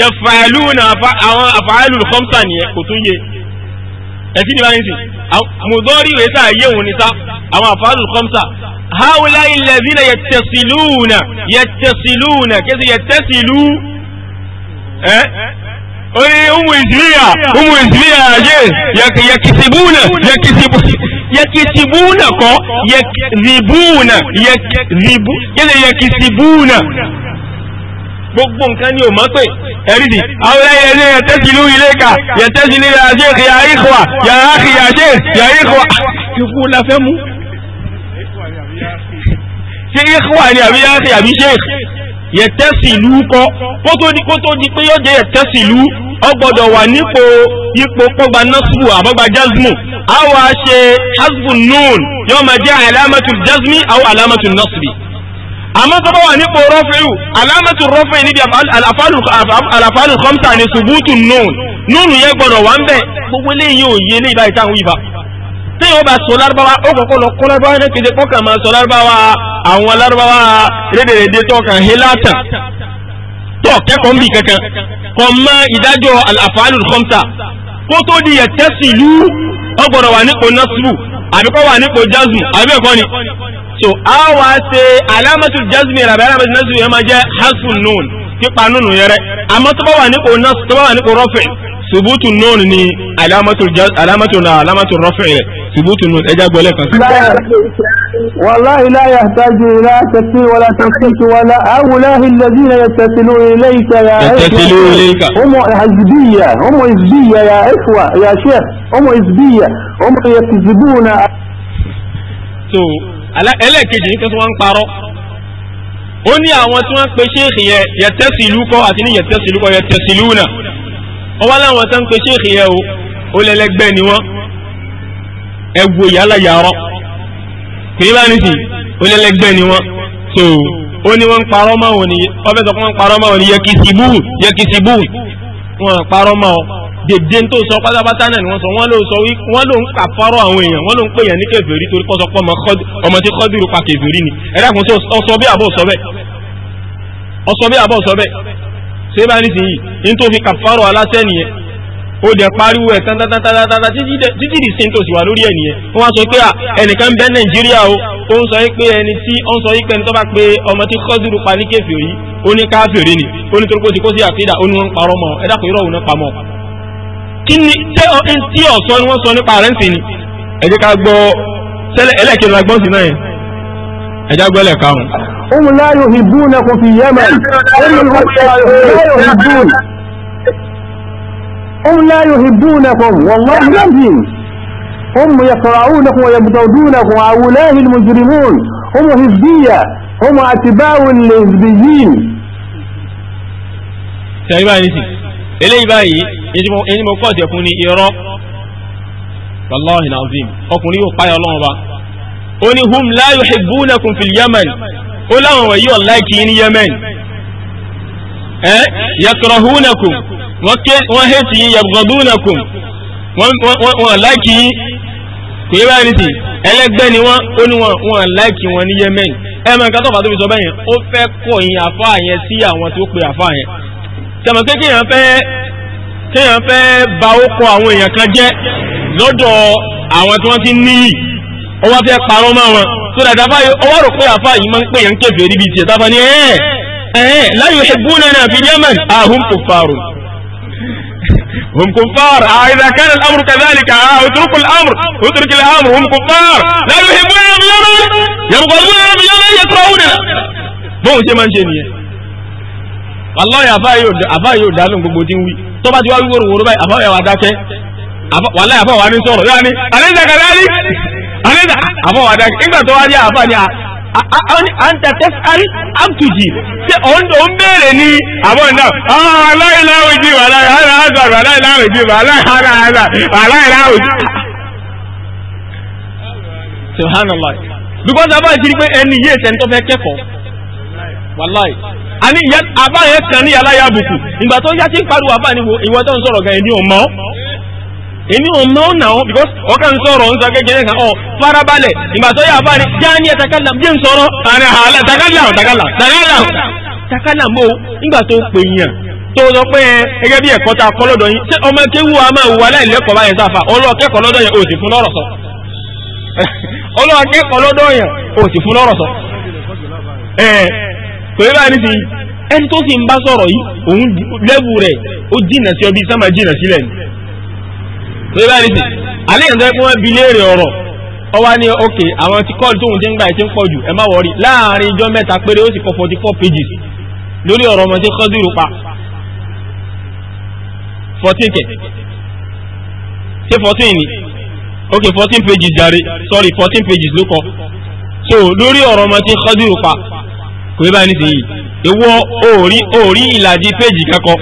يفعلون أفعال الخمسة كتنية ẹ̀sìn ìbáyé sí mùdọ́rí rẹ̀ sáà yẹ̀wò ní sá أفعال الخمسة هؤلاء الذين يتصلون يتصلون كذا يتصلوا oye umu ìsìlíyà umu ìsìlíyà ayé yẹkìsìbúnà yẹkìsìbúnà kọ yẹkìsìbúnà yẹlẹ yẹkìsìbúnà gbogbo nǹkan ni o mọ̀ pé ẹ̀rí ni àwọn ẹyẹ ilé yẹtẹ́sílú ilé ka yẹtẹ́sílú ilé ajé ìyá ìkọ̀wà yàrá ìyá ajé ìyá ìkọ̀wà ikú la fẹ́ mú ṣé ìkọ̀wà ni àbí yá ṣe àbí ṣe yẹ̀tẹ́sìlú kọ́ kó tó di kó tó di pé yóò jẹ́ yẹ̀tẹ́sìlú ó gbọ́dọ̀ wà nípò ipò kọgbà násùbù àbọ́gbà jazmu a wà ṣe hasbu nun yóò máa jẹ́ alamatu jazmi àwọn alamatu nasbi àmọ́ tó bá wà nípò rọ́fẹ́ù alamatu rọ́fẹ́ níbi àlàfààlù khamsa ní subutu nun nùnù yẹ gbọ́dọ̀ wà ń bẹ̀ gbogbo eléyìí ò yé ní ìbáyìí táwọn ìbá tí wọ́n bá sọ lárúbáwá ó kọ́kọ́ lọ kọ́ lárúbáwá ní kejì kọ́kàn máa sọ lárúbáwá àwọn lárúbáwá rédèrèdè tọ́kàn hélàtà tọ́ kẹ́kọ̀ọ́ ń bì kankan kọ́ mọ́ ìdájọ́ àfàálù khamsa kó tó di yẹ tẹ́sí ìlú ọgbọ̀dọ̀ wà nípò nasibu àbíkọ́ wà nípò jazmu àbíkọ́ ni so a wá ṣe alámàtú jazmi rẹ̀ àbí alámàtú nasibu yẹn máa jẹ́ hasfun nun kípa nùnú yẹrẹ àmọ́ tó bá wà nípò nasibu tó bá wà nípò rọ́fẹ̀ ثبوت النون ني علامة الجز... علامة علامة الرفع ثبوت النون اجا اقول لك والله لا يحتاج الى تسليم ولا تنقيص ولا اولاه الذين يتصلون اليك يا يتصلون اليك هم حزبيه هم حزبيه يا اخوه يا شيخ هم حزبيه هم يكذبون so ala ẹlẹ́ẹ̀kejì ní kẹ́sọ́ wọn ń parọ́ àwọn tí wọ́n pe ṣéèkì ye yẹtẹ́sìlú kọ́ àti ní yẹtẹ́sìlú kọ́ yẹtẹ́sìlú náà ọwọ́ láwọn tó ń pe ṣéèkì yẹn o ó lẹ́lẹ́gbẹ́ ni wọ́n ẹ wo yàrá yàrá kì í bá ní sí ó lẹ́lẹ́gbẹ́ ni wọ́n so ó ní wọ́n ń parọ́ mọ́ òun ni wọ́n fẹ́ sọ pé wọ́n ń parọ́ mọ́ òun ni yẹkìsì búùn yẹkìsì búùn wọ́n ń parọ́ mọ́ ọ dèdè tó sọ pátápátá náà ni wọ́n sọ wọ́n ló sọ wọ́n ló ń kàfọ́rọ̀ àwọn èèyàn wọ́n ló ń pèèyàn ní kèfèrí torí kọ́ sọ pé ọmọ tí kọ́dùrú pa kèfèrí ni ẹ̀rẹ́ àkùnso ọsọ bí àbọ̀ sọ bẹ́ẹ̀ ọsọ bí àbọ̀ sọ bẹ́ẹ̀ ṣé bá ní sìn yìí in tó fi kàfàrọ̀ aláṣẹ nìyẹn ó dẹ̀ pariwo ẹ̀ tantatantatata títí di sin tó sì wà lórí ẹ̀ nìyẹn wọ́n sọ pé ẹnìkan bẹ́ nàìjíríà o ó ń sọ pé ẹni tí ó ń sọ pé ẹni tó bá pé ọmọ tí kọ́sìrù pa ní kẹfì òyí ó ní káfìrí ni ó ní torókó ti kó sí àkídà ó ní wọ́n ń parọ́ mọ́ ẹ dákun irọ́ òun náà pamọ́ kí ni tí ọ̀sọ́ ni wọ́n sọ nípa rẹ̀ ń sìn ni ẹ jẹ́ ká gbọ́ ẹlẹ́kẹ̀ẹ́ ẹjá gbẹ́lẹ̀ káhùn. ohun láyò hìbún na kò fi yemen ohun láyò hìbún na kò wọ́nlọ́hìn lẹ́yìn هم يقرعونكم ويبتغدونكم هؤلاء المجرمون هم حزبية هم أتباع الحزبيين ṣẹ̀rí báyìí sí eléyìí báyìí ẹni mo kọ́ ọ̀sẹ̀ fún ní irọ́ wàláhìn azim ọkùnrin yóò páyà ọlọ́run ó ní hum la yuhibbunakum fil yemen ó láwọn wọ̀nyí ọ̀la kì í ní yemen ẹ yakrahunakum wọ́n hẹ́tì yín yabghadunakum wọ́n láìkì yín kò yẹ báyìí nìtì ẹlẹ́gbẹ́ ni wọ́n ó ní wọ́n láìkì wọn ní yemen ẹ mọ̀ nǹkan tọ́fà tó fi sọ bẹ́yẹn ó fẹ́ kọ̀ yín àfa yẹn sí àwọn tí pe àfa yẹn tẹ̀mọ̀ pé kéèyàn fẹ́ kéèyàn fẹ́ ba ó kọ àwọn èèyàn kan jẹ́ lọ́dọ̀ àwọn tí wọ́n ti níyì ó wá fẹ́ parọ́ mọ́ wọn tó dàda fáyé ọwọ́ rò pé àfáà yìí máa ń pè yẹn kèfèrí níbi tiẹ̀ tábà ní ẹ̀ ẹ̀ la yuhibbunana fi Yaman ahum kuffarun هم كفار إذا كان الأمر كذلك اتركوا الأمر اترك الأمر هم كفار لا يحبون في يمن يبغضون في يمن يكرهوننا bóun ṣe máa ń ṣe nìyẹn wàláyé àbáyé yóò dá lóun gbogbo tí ń wí tó bá ti wá wíwòrò wòrò báyìí àbáyé wa dákẹ́ wàláyé àbáwá ní sọ̀rọ̀ yóò ní àlejò kàdáyé àníta àfọwọ́dá nígbà tó wá dé àfà ni anta tesal ń béèrè ní àwọn náà aláìláwòjì aláìláwòjì wàláì àní abá kan ní aláyàbùkù ìgbà tó yá sí pariwo abá ni ìwọ tó ń sọ̀rọ̀ gan-an ni ò èmi ò mọ́ ọ̀nà ọ́ because ọ̀kan sọ̀rọ̀ ń sọ kékeré kan ọ̀ oh, farabalẹ̀ ìgbàsọ́ yà fà ní ẹ̀takálà jẹ́ ń sọ̀rọ̀ àrẹ àhàlà takálà takálà takálà takálà mọ́ nígbà tó pè yàn tó sọ pé ẹgẹ́ bí ẹ̀kọ́ ta yín ṣé ọmọ a báyẹn sáfà ṣé ni nìsí alẹ́ yẹn tó yẹ kí wọ́n bi léèrè ọ̀rọ̀ ọ wá ní ok àwọn tí kọ́ọ̀lù tóun ti ń gbà ẹ̀ ti ń pọ̀ jù ẹ má wọrí láàrin ijọ́ mẹ́ta péré ó sì kọ forty four pages lórí ọ̀rọ̀ ọmọ tí kọ́dúrú pa fourteen kẹ̀ ṣé fourteen ni ok fourteen pages jàre sorry fourteen pages ló kọ so lórí ọ̀rọ̀ ọmọ tí kọ́dúrú pa kò yẹ báyìí nìsí yìí èwo òórí ìlàjì péjì kankan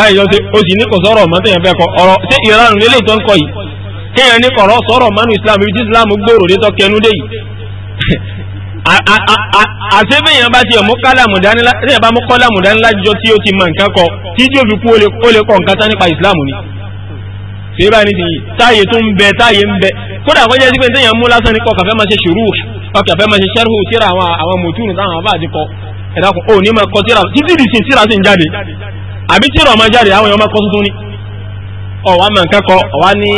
láì jọ sí o sì ní kò sọ̀rọ̀ mọ́ tẹ̀yàn fẹ́ kọ ọ̀rọ̀ ṣé ìranù lélẹ̀ tó ń kọ yìí kéèyàn ní kọ̀rọ̀ sọ̀rọ̀ mọ́nu islam ibi tí islam gbòòrò dé tó kẹnu dé yìí àṣebéyàn bá ti ọ̀mú kálàmù dání lẹ́yìn bá mú kọ́làmù dání lájọ tí ó ti mọ nǹkan kọ tí tí ó fi kú ó lè kọ nǹkan tán nípa islam ni ṣé báyìí nìyí táyé tó ń bẹ táyé ń bẹ kódà kó jẹ́ sí pé téèyàn mú lásán ní kọ́ kàfẹ́ máa ṣe ṣùrù kàfẹ́ máa ṣe ṣẹ́rù tíra àwọn mùtúnù táwọn àbá àti kọ ẹ̀dá kan ó ní máa kọ tíra títí ìdìsìn tíra sì ń jáde àbí tí ìrọ̀mọ́ jáde àwọn èèyàn máa kọ́ tuntun ni ọ̀wá mọ̀ nǹkan kọ ọ̀wá ní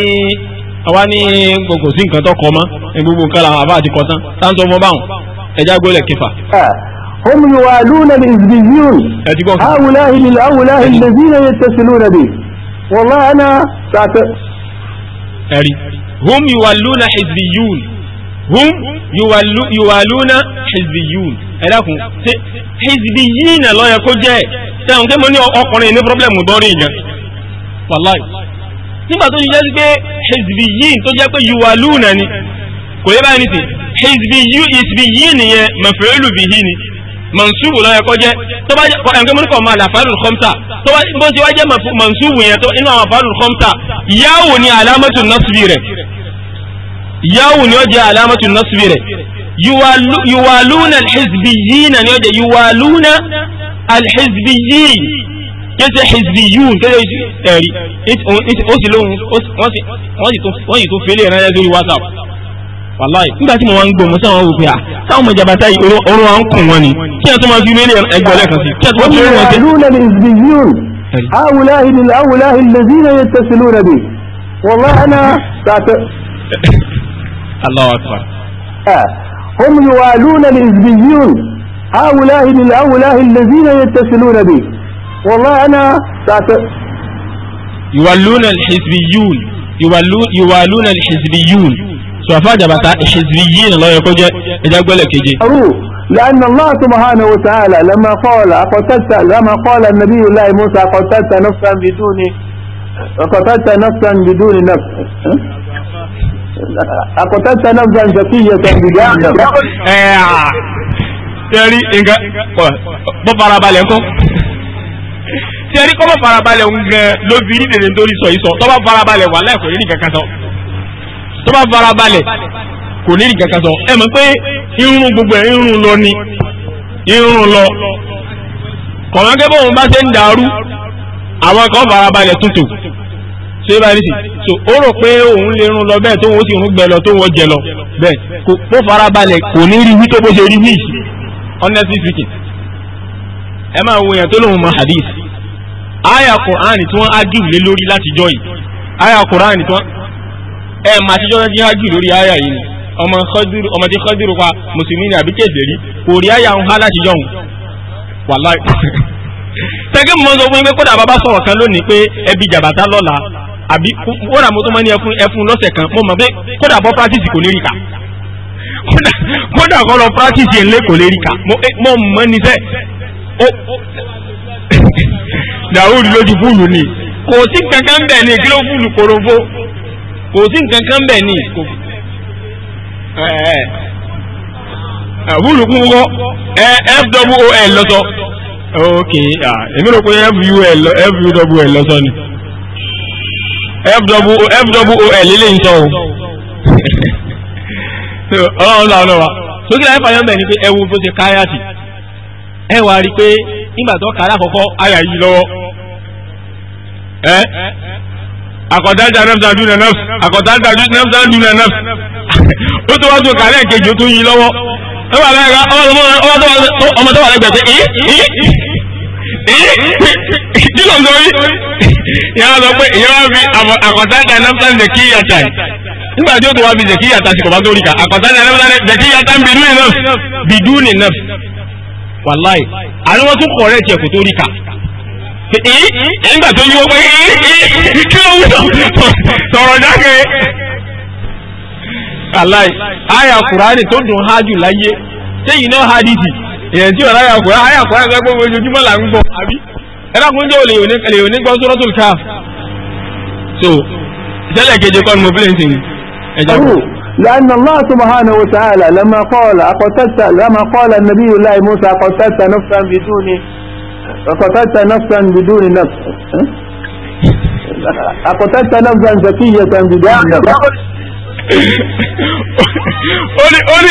ọ̀wá ní gbogbo sí nǹkan tó kọ mọ́ ní gbogbo nǹkan làwọn àbá àti kọtán táǹtọ́ mọ́ báwọn ẹja gbólẹ̀ kẹfà. هم يوالون الحزبيون هؤلاء هؤلاء الذين يتصلون به والله انا هم يوالون حزبيون hum yuwaluna hizbiyun ẹ̀dàkùn tí hizbiyun náà lọ́yẹ kó jẹ́ tẹ́hùn tí mo ní ọkùnrin ní pọ́blẹ̀mù bọ́rí ìyẹn wàláì nígbà tó jẹ́ pé hizbiyun tó jẹ́ pé yuwaluna ni kò yẹ báyìí nìsín hizbiyun nìyẹn maf'ulu bihi ni mansubu lọ́yẹ kó jẹ́ tó bá jẹ́ ẹ̀ǹkẹ́ mo ní kọ̀ máa làfàlù khamsa tó bá jẹ́ mansubu yẹn tó inú yáwò ni alamatu nasbi yáwù ni ó jẹ́ alámọ́tù nọ́sìbì rẹ̀ yuwaluna alhizbiyina ni ó jẹ́ yuwaluna alhizbiyin kéṣe hizbiyun kéṣe ẹ̀rí ó sì lóhun wọ́n sì tún fẹ́lẹ̀ rẹ̀ lórí whatsapp wàláì nígbà tí mo wá ń gbọ́ mo sáwọn wò pé à táwọn ọmọ ìjàmbá táyì orun wa ń kùn wọn ni kí ẹ tó máa fi mílíọ̀n ẹgbẹ́ lẹ́ẹ̀kan sí kí ẹ tó máa fi mílíọ̀n ẹgbẹ́ lẹ́ẹ̀kan sí. awùláhi lèzínà yẹ tẹ̀sílù rẹ̀ bi wàlá الله أكبر آه. هم يوالون الحزبيون هؤلاء هؤلاء الذين يتصلون بي والله أنا سأت... يوالون الحزبيون يوالون يوالون الحزبيون سوفاجا بتاع الحزبيين الله يقول إذا أقول لك يجي لأن الله سبحانه وتعالى لما قال قتلت لما قال النبي الله موسى قتلت نفسا بدون قتلت نفسا بدون نفس àkọ́tẹ́sẹ̀ náà fẹ́ ṣe kí iyẹ̀sẹ̀ ìdìbò àná. ẹ à tẹ́rí nǹkan bó farabalẹ̀ ńkọ́ tẹ́rí kọ́ bó farabalẹ̀ ń gan lóbi ní dèdè nítorí sọ yìí sọ tọ́ bá farabalẹ̀ wà láì kò ní nìkan kan sọ tọ́ bá farabalẹ̀ kò ní nìkan kan sọ ẹ mọ̀ pé irun gbogbo ẹ̀ irun lọ ni irun lọ kọ̀ọ̀kan kẹ́ bóun bá ṣe ń dàrú àwọn kan farabalẹ̀ tuntun so yóò bá ní sí so ó rò pé òun lè rún lọ bẹ́ẹ̀ tó wọ́n sì rún gbẹ lọ tó wọ́n jẹ lọ bẹ́ẹ̀ kò kó fara balẹ̀ kò ní rí wí tó bó ṣe rí wí honestly speaking ẹ máa wo èèyàn tó lóun mọ hadith aya Qur'an tí wọ́n ágìrù lé lórí látijọ́ yìí aya Qur'an tí wọ́n ẹ mà àtijọ́ tí wọ́n ágìrù lórí aya yìí ni ọmọ Khadiru ọmọ tí Khadiru pa mùsùlùmí ni àbí kèfèrí kò rí aya ń há látijọ́ òun wàláì tẹ́gẹ́ mọ́ sọ fún yín pé kódà bàbá sọ̀rọ̀ kan lónìí pé ẹbí jàbàtà lọ́la àbí wọ́nà mo tó máa ní ẹfun ẹfun lọ́sẹ̀ kan mo mọ̀ pé kódà bọ́ practice kò lè rí kà kódà kọ́ lọ practice yẹn lé kò lè rí kà mo eh, mọ̀ ní sẹ́ Dàúd lójú fúlù ni kò sí kankan bẹ̀ ni kí ló fúlù korofo kò sí kankan bẹ̀ ni eh, eh. ah, fúlù kún kọ́ fwl lọ́sọ ok ah, èmi rò pé ful lọ́sọ ni fwl lélẹ̀ ń sọ o ọlọ́run làwọn náà wa sókè láyé fàyọ́ mẹ́rin pé ẹwu bó ṣe káyà tì ẹ wà rí i pé nígbà tó kàrà àkọ́kọ́ àyà yìí lọ́wọ́ ẹ àkọ́dájà nẹ́fṣà dúnà nẹ́fṣ àkọ́dájà nẹ́fṣà dúnà nẹ́fṣ ó tó wá tó kàrẹ́ kejì ó tó yìí lọ́wọ́ ẹ wà láyé ká ọmọ tó wà lẹ́gbẹ̀ẹ́ pé ẹ ẹ jíjọ sọ yí ìyá sọ pé ìyá wá fi àkọsáńtà náfẹ́ zèkí yàtà nígbà tí ó tó wá fi zèkí yàtà sí kọ̀bá tó rí ká àkọsáńtà náfẹ́ zèkí yàtà ń bìdú nìnaf bìdú nìnaf wàláì àríwọ́ tún kọ̀ rẹ̀ tiẹ̀ kò tó rí ká nígbà tó yíwọ́ pé kí ló ń sọ̀rọ̀ dákẹ́ wàláì àyà kùránì tó dùn hájù láyé sẹ́yìn náà hádìsì èèyàn tí ọ̀rá yàkùn ayàkùn ayàkùn ẹgbẹ́ ojoojúmọ́ là ń gbọ́ àbí ẹ̀dàkùn jẹ́ olè òní gbọ́ suratul Kahf so ìṣẹ̀lẹ̀ keje kọ́ ni mo fílẹ̀ ń sìn ẹ̀jẹ̀ kù. لأن الله سبحانه وتعالى لما قال قتلت لما قال النبي الله موسى قتلت نفسا بدون قتلت نفسا بدون نفس قتلت نفسا زكية بدون نفس ó ní ó ní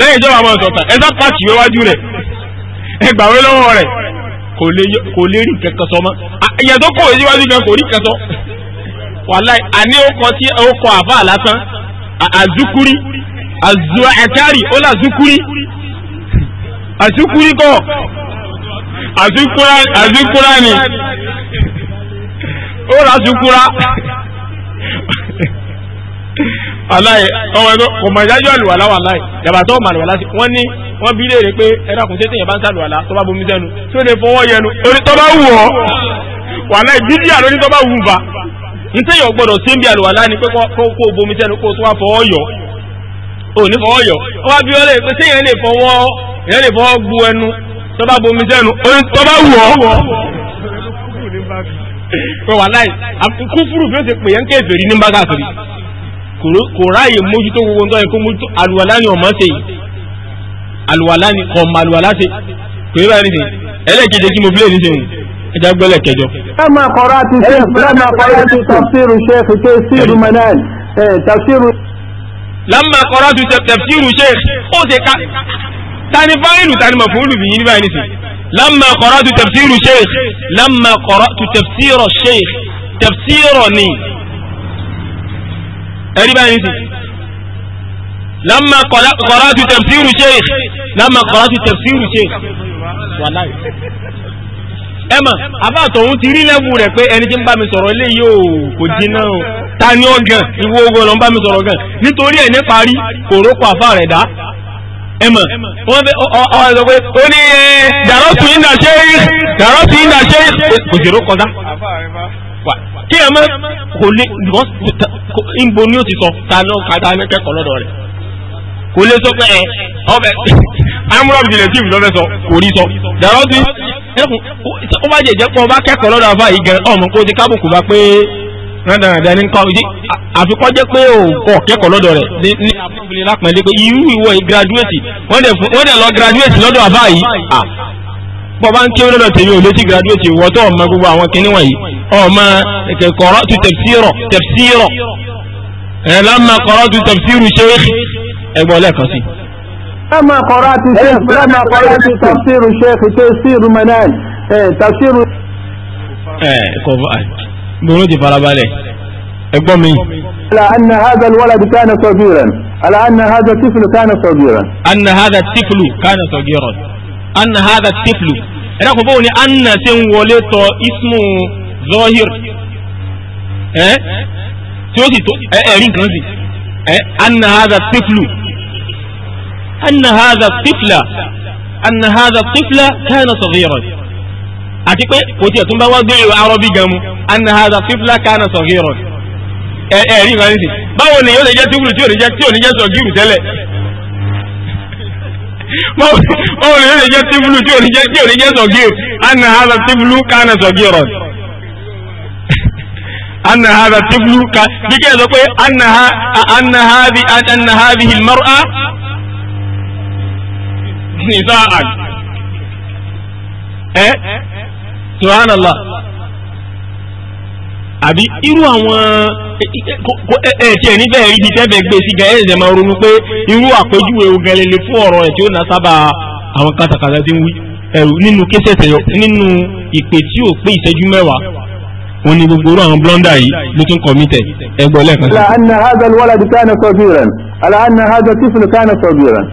lẹ́yìn ìjọba àwọn ọ̀sọ̀tàn ẹ sá pàṣẹ ìwé wájú rẹ̀ ẹ gbàwé lọ́wọ́ rẹ̀ kò lè rí nǹkan kan sọ mọ́ ìyẹn tó kọ̀ èyí wájú gan kò rí nǹkan sọ wàláì àní ọkọ tí ọkọ àbá lásán àzúkúrí àzúkárì ó là zúkúrí àzúkúrí kọ àzúkúrá ni ó là zúkúrá. aláì ọmọ ẹgbẹ́ kò mọ̀ ìdájọ́ ala wà láì yàbá tó mà àlùwàlá sí wọ́n ní wọ́n bí léèrè pé ẹ̀dàkùn tètè yẹn bá ń sàlùwàlá tó bá bomi sẹ́nu tí ó lè fọwọ́ yẹnu orí tó bá wù ọ́ wà láì dídí àlọ́ ní tó bá wù bá ní sí ń bí àlùwàlá ni pé kó bomi sẹ́nu kó tó wá fọwọ́ yọ ò ní fọwọ́ yọ ó wá bí lè pé kò ráyè mójútó gbogbo ń tọ́ ẹ̀kọ́ mójútó àlùwàlá ni ọ̀mọ́ ṣe yìí àlùwàlá ni kọ̀ọ̀mù àlùwàlá ṣe kò yẹ báyìí nìyẹn ẹlẹ́kẹ̀jẹ̀ tí mo bílẹ̀ ní sẹ́wọ̀n ẹja gbẹ́lẹ̀ kẹjọ. lẹ́mà kọ́ra ti ṣe lẹ́mà kọ́ra ti tafsiru sheikh ké síru manan tafsiru. lẹ́mà kọ́ra ti tafsiru sheikh ó ṣe ká tani fáìlù tani mọ̀ fún olùbí yìí báyìí nìyẹn lẹ́mà kọ́ra ti tafsiru sheikh lẹ́mà kọ́ra ti tafsiru sheikh tafsiru ni. ẹ̀rí báyìí l'amma lámà tẹ̀síìrù sheikh lámà kọ̀rọ̀tù tẹ̀síìrù ti rí lẹ́bù rẹ̀ pé ẹni tí ń bá mi sọ̀rọ̀ ilé yóò kò jiná o ta ni ó ìwọ ogun ló ń bá mi sọ̀rọ̀ gan nítorí ẹ̀ ní parí kò rókò rẹ̀ dá ẹmà wọ́n fẹ́ ọ ẹ̀ sọ pé ó ní ẹ̀ dàrọ́tù kí ẹ má kò lè ìbò ni ó ti sọ ta ló kàtà ní kẹ́kọ̀ọ́ lọ́dọ̀ rẹ̀ kò lè sọ pé ẹ ọbẹ̀ amúrọ̀ bìí lẹ́tí ìlú lọ́fẹ́ sọ kò rí sọ dàrọ́ sí ó bá jẹ̀jẹ̀ pọ̀ bá kẹ́kọ̀ọ́ lọ́dọ̀ àfa yìí gan ọmọ kó ti kábùkù bá pé rẹ́dàrẹ́dà ní nǹkan ìdí àfikọ́ jẹ́ pé òǹkọ̀ kẹ́kọ̀ọ́ lọ́dọ̀ rẹ̀ ní àbúrò lápẹ̀lẹ́ pé irú ìwọ ìgraduate wọ́n dẹ̀ lọ graduate lọ́dọ̀ àfa yìí bọ́ bá ń kí lọ́dọ̀ tèmi ò létí graduate wọ́n tó ọmọ gbogbo àwọn kinní wọ̀nyí ọmọ kọ̀rọ̀ tu tafsiro tafsiro ẹ̀ lámà kọ̀rọ̀ tu tafsiru sheikh ẹgbọ́n lẹ́ẹ̀kan sí. lámà kọ̀rọ̀ tu tafsiru sheikh tafsiru manaj tafsiru. ẹ kò bọ́ọ̀ ti farabalẹ̀ ẹgbọ́n mi. ala anna hadha alwalad anna hadha tiflu ẹ̀rọ kò bóun ni anna ṣe ń wọlé tọ ismu zohir ẹ́ tí ó sì tó ẹ̀rí nǹkan sí ẹ́ anna hadha tiflu anna hadha tifla anna hadha tifla kana saghiran àti pé kò tiẹ̀ tún bá wá gbé ìwà arọ́bí gan mu anna hadha tifla kana saghiran ẹ̀rí nǹkan sí báwo ni yóò lè jẹ́ tiflu tí ò ní jẹ́ sọ̀gírù tẹ́lẹ̀ báwo lè jẹ́ tíbulú tí ò ní jẹ́ tí ò ní jẹ́ sọ̀gír anna hada tíbulú kánà sọ̀gírọ̀ anna hada tíbulú ká bí kí ẹ sọ pé anna hadi anna hadi hilmar'a nisa'an subhanallah àbí irú àwọn ẹ̀tí ẹ̀ níbẹ̀ ríbi tẹ́bẹ̀ gbé sí gẹ̀ẹ́ ẹ̀sẹ̀ máa ronú pé irú àpéjúwe ogẹlẹ̀lẹ̀ fún ọ̀rọ̀ ẹ̀ tí ó ná sábà àwọn kátàkátà tí ń wí ẹ̀rù nínú kéṣẹ̀tẹ̀ nínú ìpè tí ò pé ìṣẹ́jú mẹ́wàá wọn ni gbogbo irú àwọn blọ́ndà yìí ló tún kọ̀mítẹ̀ ẹgbọ́ lẹ́ẹ̀kan. ala anna hadha alwalad kana sabiran ala anna hadha tifl kana sabiran.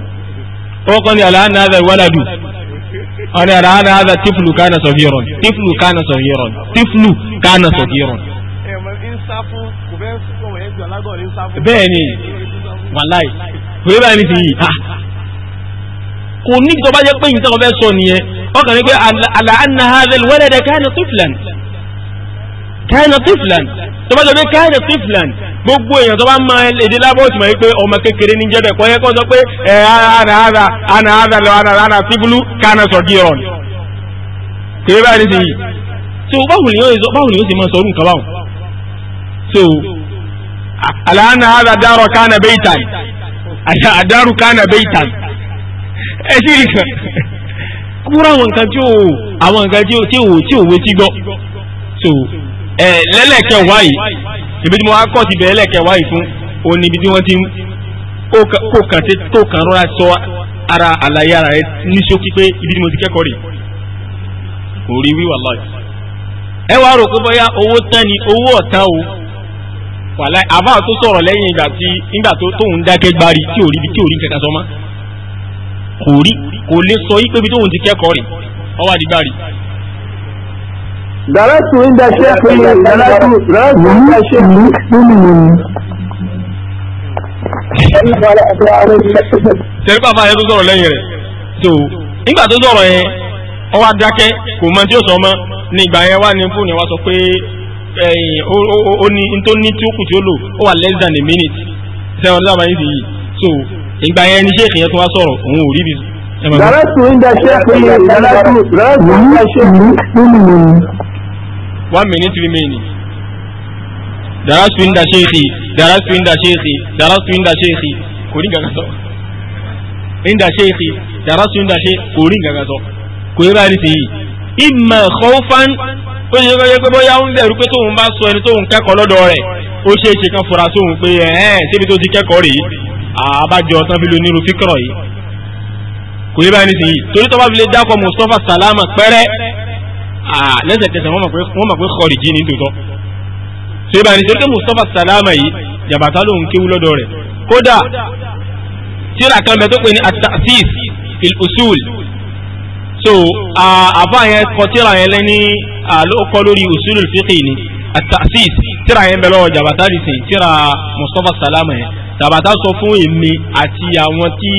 ó kọ́ ni ala anna hadha alwalad ọ̀nà ala anna hadha tifl kana sabiran tifl kana sabiran tifl kana sabiran bẹ́ẹ̀ ni wàláì kò lè báyìí nìsín yìí kò ní tó bá jẹ́ pé yìí tẹ́wọ́ fẹ́ sọ nìyẹn ọkàn ní pé àlàánà hazel walada kana tiflan kana tiflan tó bá jọ pé kana tiflan gbogbo èèyàn tó bá máa èdè lábọ́ọ̀tì máa wípé ọmọ kékeré ní jẹ́bẹ̀ kọ́ yẹ kọ́ sọ pé ẹ̀ ana ana lọ ana ana síbúlú kana sọ̀gírọ̀n kò lè báyìí nìsín yìí tó báwo ni ó ti máa sọ orú nǹkan so alaana hada daro kana beitan àyà àdárù kana beitan ẹ sì rí kan kúrò àwọn nǹkan tí ò àwọn nǹkan tí ò tí ò tí ò wetí gbọ́ so ẹ lẹ́lẹ̀kẹ́ wáyé ibi tí mo wá kọ́ ti bẹ̀rẹ̀ lẹ́lẹ̀kẹ́ wáyé fún ti ń kó kàn tí tó kàn rọra sọ ara àlàyé ara rẹ ní ṣókí pé ibi tí mo ti kẹ́kọ̀ọ́ rè kò rí wíwà láì ẹ wá rò pé bóyá owó tán ni owó ọ̀tá o wàlá àbá tó sọ̀rọ̀ lẹ́yìn ìgbà tí nígbà tó tóun dákẹ́ gbárí tí ò rí ibi tí ò rí kankan sọ mọ́ kò rí kò lè sọ yí pé ibi tóun ti kẹ́kọ̀ọ́ rè ọwọ́ àdìgbárí. dàrẹ́tù ń da ṣe pé dàrẹ́tù dàrẹ́tù ń da ṣe mú nínú mi. sẹ́rí bàbá yẹn tó sọ̀rọ̀ lẹ́yìn rẹ̀ so nígbà tó sọ̀rọ̀ yẹn ọwọ́ adákẹ́ kò mọ tí ó sọ mọ́ ní ìgbà yẹn wá ní fóònù yẹn wá sọ pé ó eh, ní tó ní tí ó kù tí ó lò ó wà less than a minute sẹ́wọ̀n ní sábàá yìí sì yìí so ìgbà yẹn ni ṣéèkì yẹn tó wá sọ̀rọ̀ òun ò rí bi. dàrẹ́tù ń da ṣéèkì yẹn dàrẹ́tù dàrẹ́tù ń da ṣéèkì yẹn. one minute remaining. darastu inda sheikhi darastu inda sheikhi darastu inda sheikhi kò ní gàgà sọ inda sheikhi darastu inda sheikhi kò ní gàgà sọ kò ní báyìí sí yìí imma khawfan tó ṣe kọ́ yẹ pé bóyá ń lẹ̀rú pé tóun bá sọ ẹni tóun kẹ́kọ̀ọ́ lọ́dọ̀ rẹ̀ ó ṣe é ṣe kan fura sóun pé ẹ̀ẹ́n síbi tó ti kẹ́kọ̀ọ́ rèé àbájọ tán fi lo onírú fíkọ̀rọ̀ yìí kò yé báyìí nísìnyí torí tó bá fi lè dákọ̀ Mustapha Salama pẹ́rẹ́ lẹ́sẹ̀kẹsẹ̀ wọ́n mọ̀ pé kọ́ọ̀rì jí ní tòótọ́ ṣé báyìí nítorí pé Mustapha Salama yìí jàbàtà ló ń kéwú lọ́dọ̀ rẹ̀ kódà tíra kan bẹ tó usul so àfa yẹn kọ tíra yẹn lẹ́ni àlọ́kọ́ lórí usulul fiqh ni at-ta'sis tíra yẹn bẹ lọ́wọ́ jabata ní sìn tíra Mustafa Salama yẹn jabata sọ fún èmi àti àwọn tí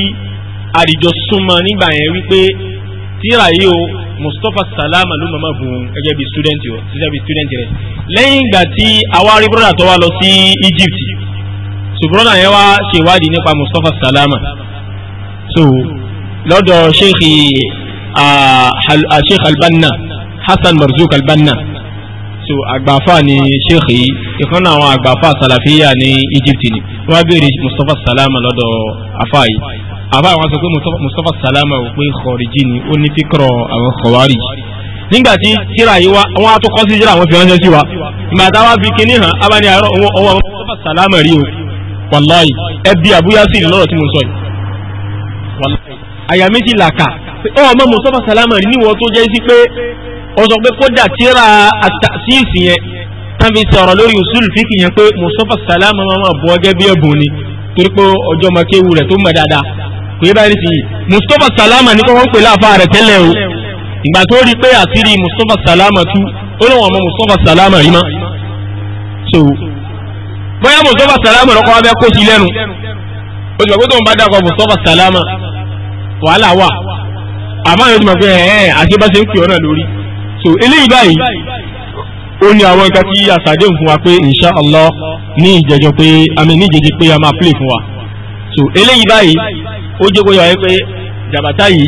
àdìjọ súnmọ́ nígbà yẹn wípé tíra yìí o Mustafa Salama ló mama bùn gẹ́gẹ́ bí student o gẹ́gẹ́ bí student rẹ lẹ́yìn ìgbà tí awárí broda tó wá lọ sí Egypt so broda yẹn wá ṣèwádìí nípa Mustafa Salama so lọ́dọ̀ sheikh Uh, sheikh albanna hasan marzouk albanna so àgbàfà ni sheikh yìí ìkan náà àwọn àgbàfà salafiya ní egypt ni wọ́n béèrè mustapha salama lọ́dọ̀ afa yìí afa àwọn sọ pé mustapha salama wò pé kọrìjì ni ó ní fíkọrọ àwọn kọwárì nígbà tí tíra yìí wá wọn á tó kọ́ sí tíra àwọn fi ránṣẹ́ sí wa ìgbà táwa fi kinní hàn abáni àárọ̀ òun ọwọ́ mustapha salama rí o wàláyì ẹbí àbúyá sí ìlú lọ́rọ̀ tí mo sọ yìí wàláyì àyà làkà Oh, ọmọ mustapha salama rí níwọ̀n tó jẹ́ sí pé ó sọ pé kódà tíra àtàṣìṣì yẹn tán fi sọ̀rọ̀ lórí usul fíkì yẹn pé mustapha salama máa máa bọ́ gẹ́gẹ́ bí ẹ̀bùn ni torí pé ọjọ́ máa kéwu rẹ̀ tó mọ̀ dáadáa kò yẹ báyìí sí mustapha salama ní kọ́kọ́ ń pè láàfáà rẹ̀ tẹ́lẹ̀ o ìgbà tó rí pé àṣírí mustapha salama tú ó lọ́wọ́ ọmọ mustapha salama rí mọ́ so bóyá mustapha salama lọ́kọ́ wa fẹ́ kó sí lẹ́nu ó sì salama wàhálà wà àmọ́ àwọn ìtumọ̀ pé ẹ̀ẹ́ àṣebáṣe ń pè ọ́ náà lórí so eléyìí báyìí ó ní àwọn nǹkan tí àṣàdéhùn fún wa pé insha Allah ní ìjẹjọ pé àmì ní ìjẹjẹ pé a máa play fún wa so eléyìí báyìí ó jẹ́ bóyá wáyé pé jàbátá yìí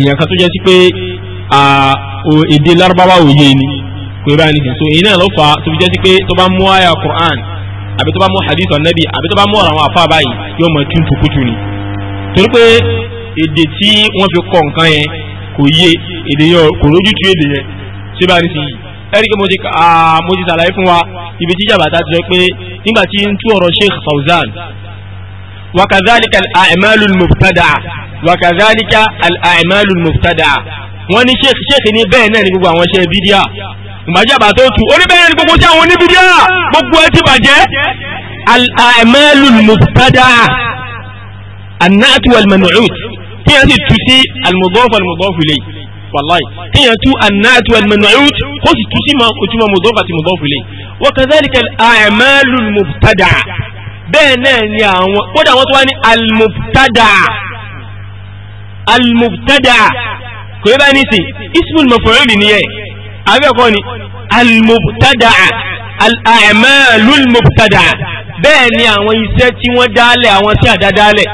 èèyàn kan tó jẹ́ sí pé èdè lárúbáwá òye ni pé báyìí nìkan so èyí náà ló fà á tó fi jẹ́ sí pé tó bá mú àyà Qur'an àbí tó bá mú hadith anabi àbí tó bá mú ọ̀rọ̀ àwọn àfa báyìí yóò mọ tún tukutu ni torí pé èdè tí wọ́n fi kọ́ nǹkan yẹn kò yé èdè yẹn kò lójútu èdè yẹn ṣé bá nìsín yìí ẹ̀ríkì mo ti mo ti ṣàlàyé fún wa ibi tí jàbàtà ti sọ pé nígbà tí ń tú ọ̀rọ̀ Sheikh Fawzan wakazalika al-a'malu al wakazalika al-a'malu al wọ́n ní sheikh sheikh ní bẹ́ẹ̀ náà ní gbogbo àwọn iṣẹ́ bídíà ìgbàjàbà tó tu ó ní gbogbo tí àwọn oníbídíà gbogbo ẹ ti bàjẹ́ al-a'malu al-mubtada'a an-na'tu kíyàn sì tu sí alimogofu alimogofu lè wàláì kíyàn tu anáàtú alimẹnuayut kó sì tu sí ojúmọ mogofu àti mogofu lè wa kadhalika al-a'malu al-mubtada bẹ́ẹ̀ náà ni àwọn kódà wọ́n tó wá ní al-mubtada al-mubtada kò yẹ báyìí nísìn ismul maf'ul nìyẹn àbẹ́ẹ̀kọ́ ni al-mubtada al bẹ́ẹ̀ ni àwọn iṣẹ́ tí wọ́n dálẹ̀ àwọn tí àdá dálẹ̀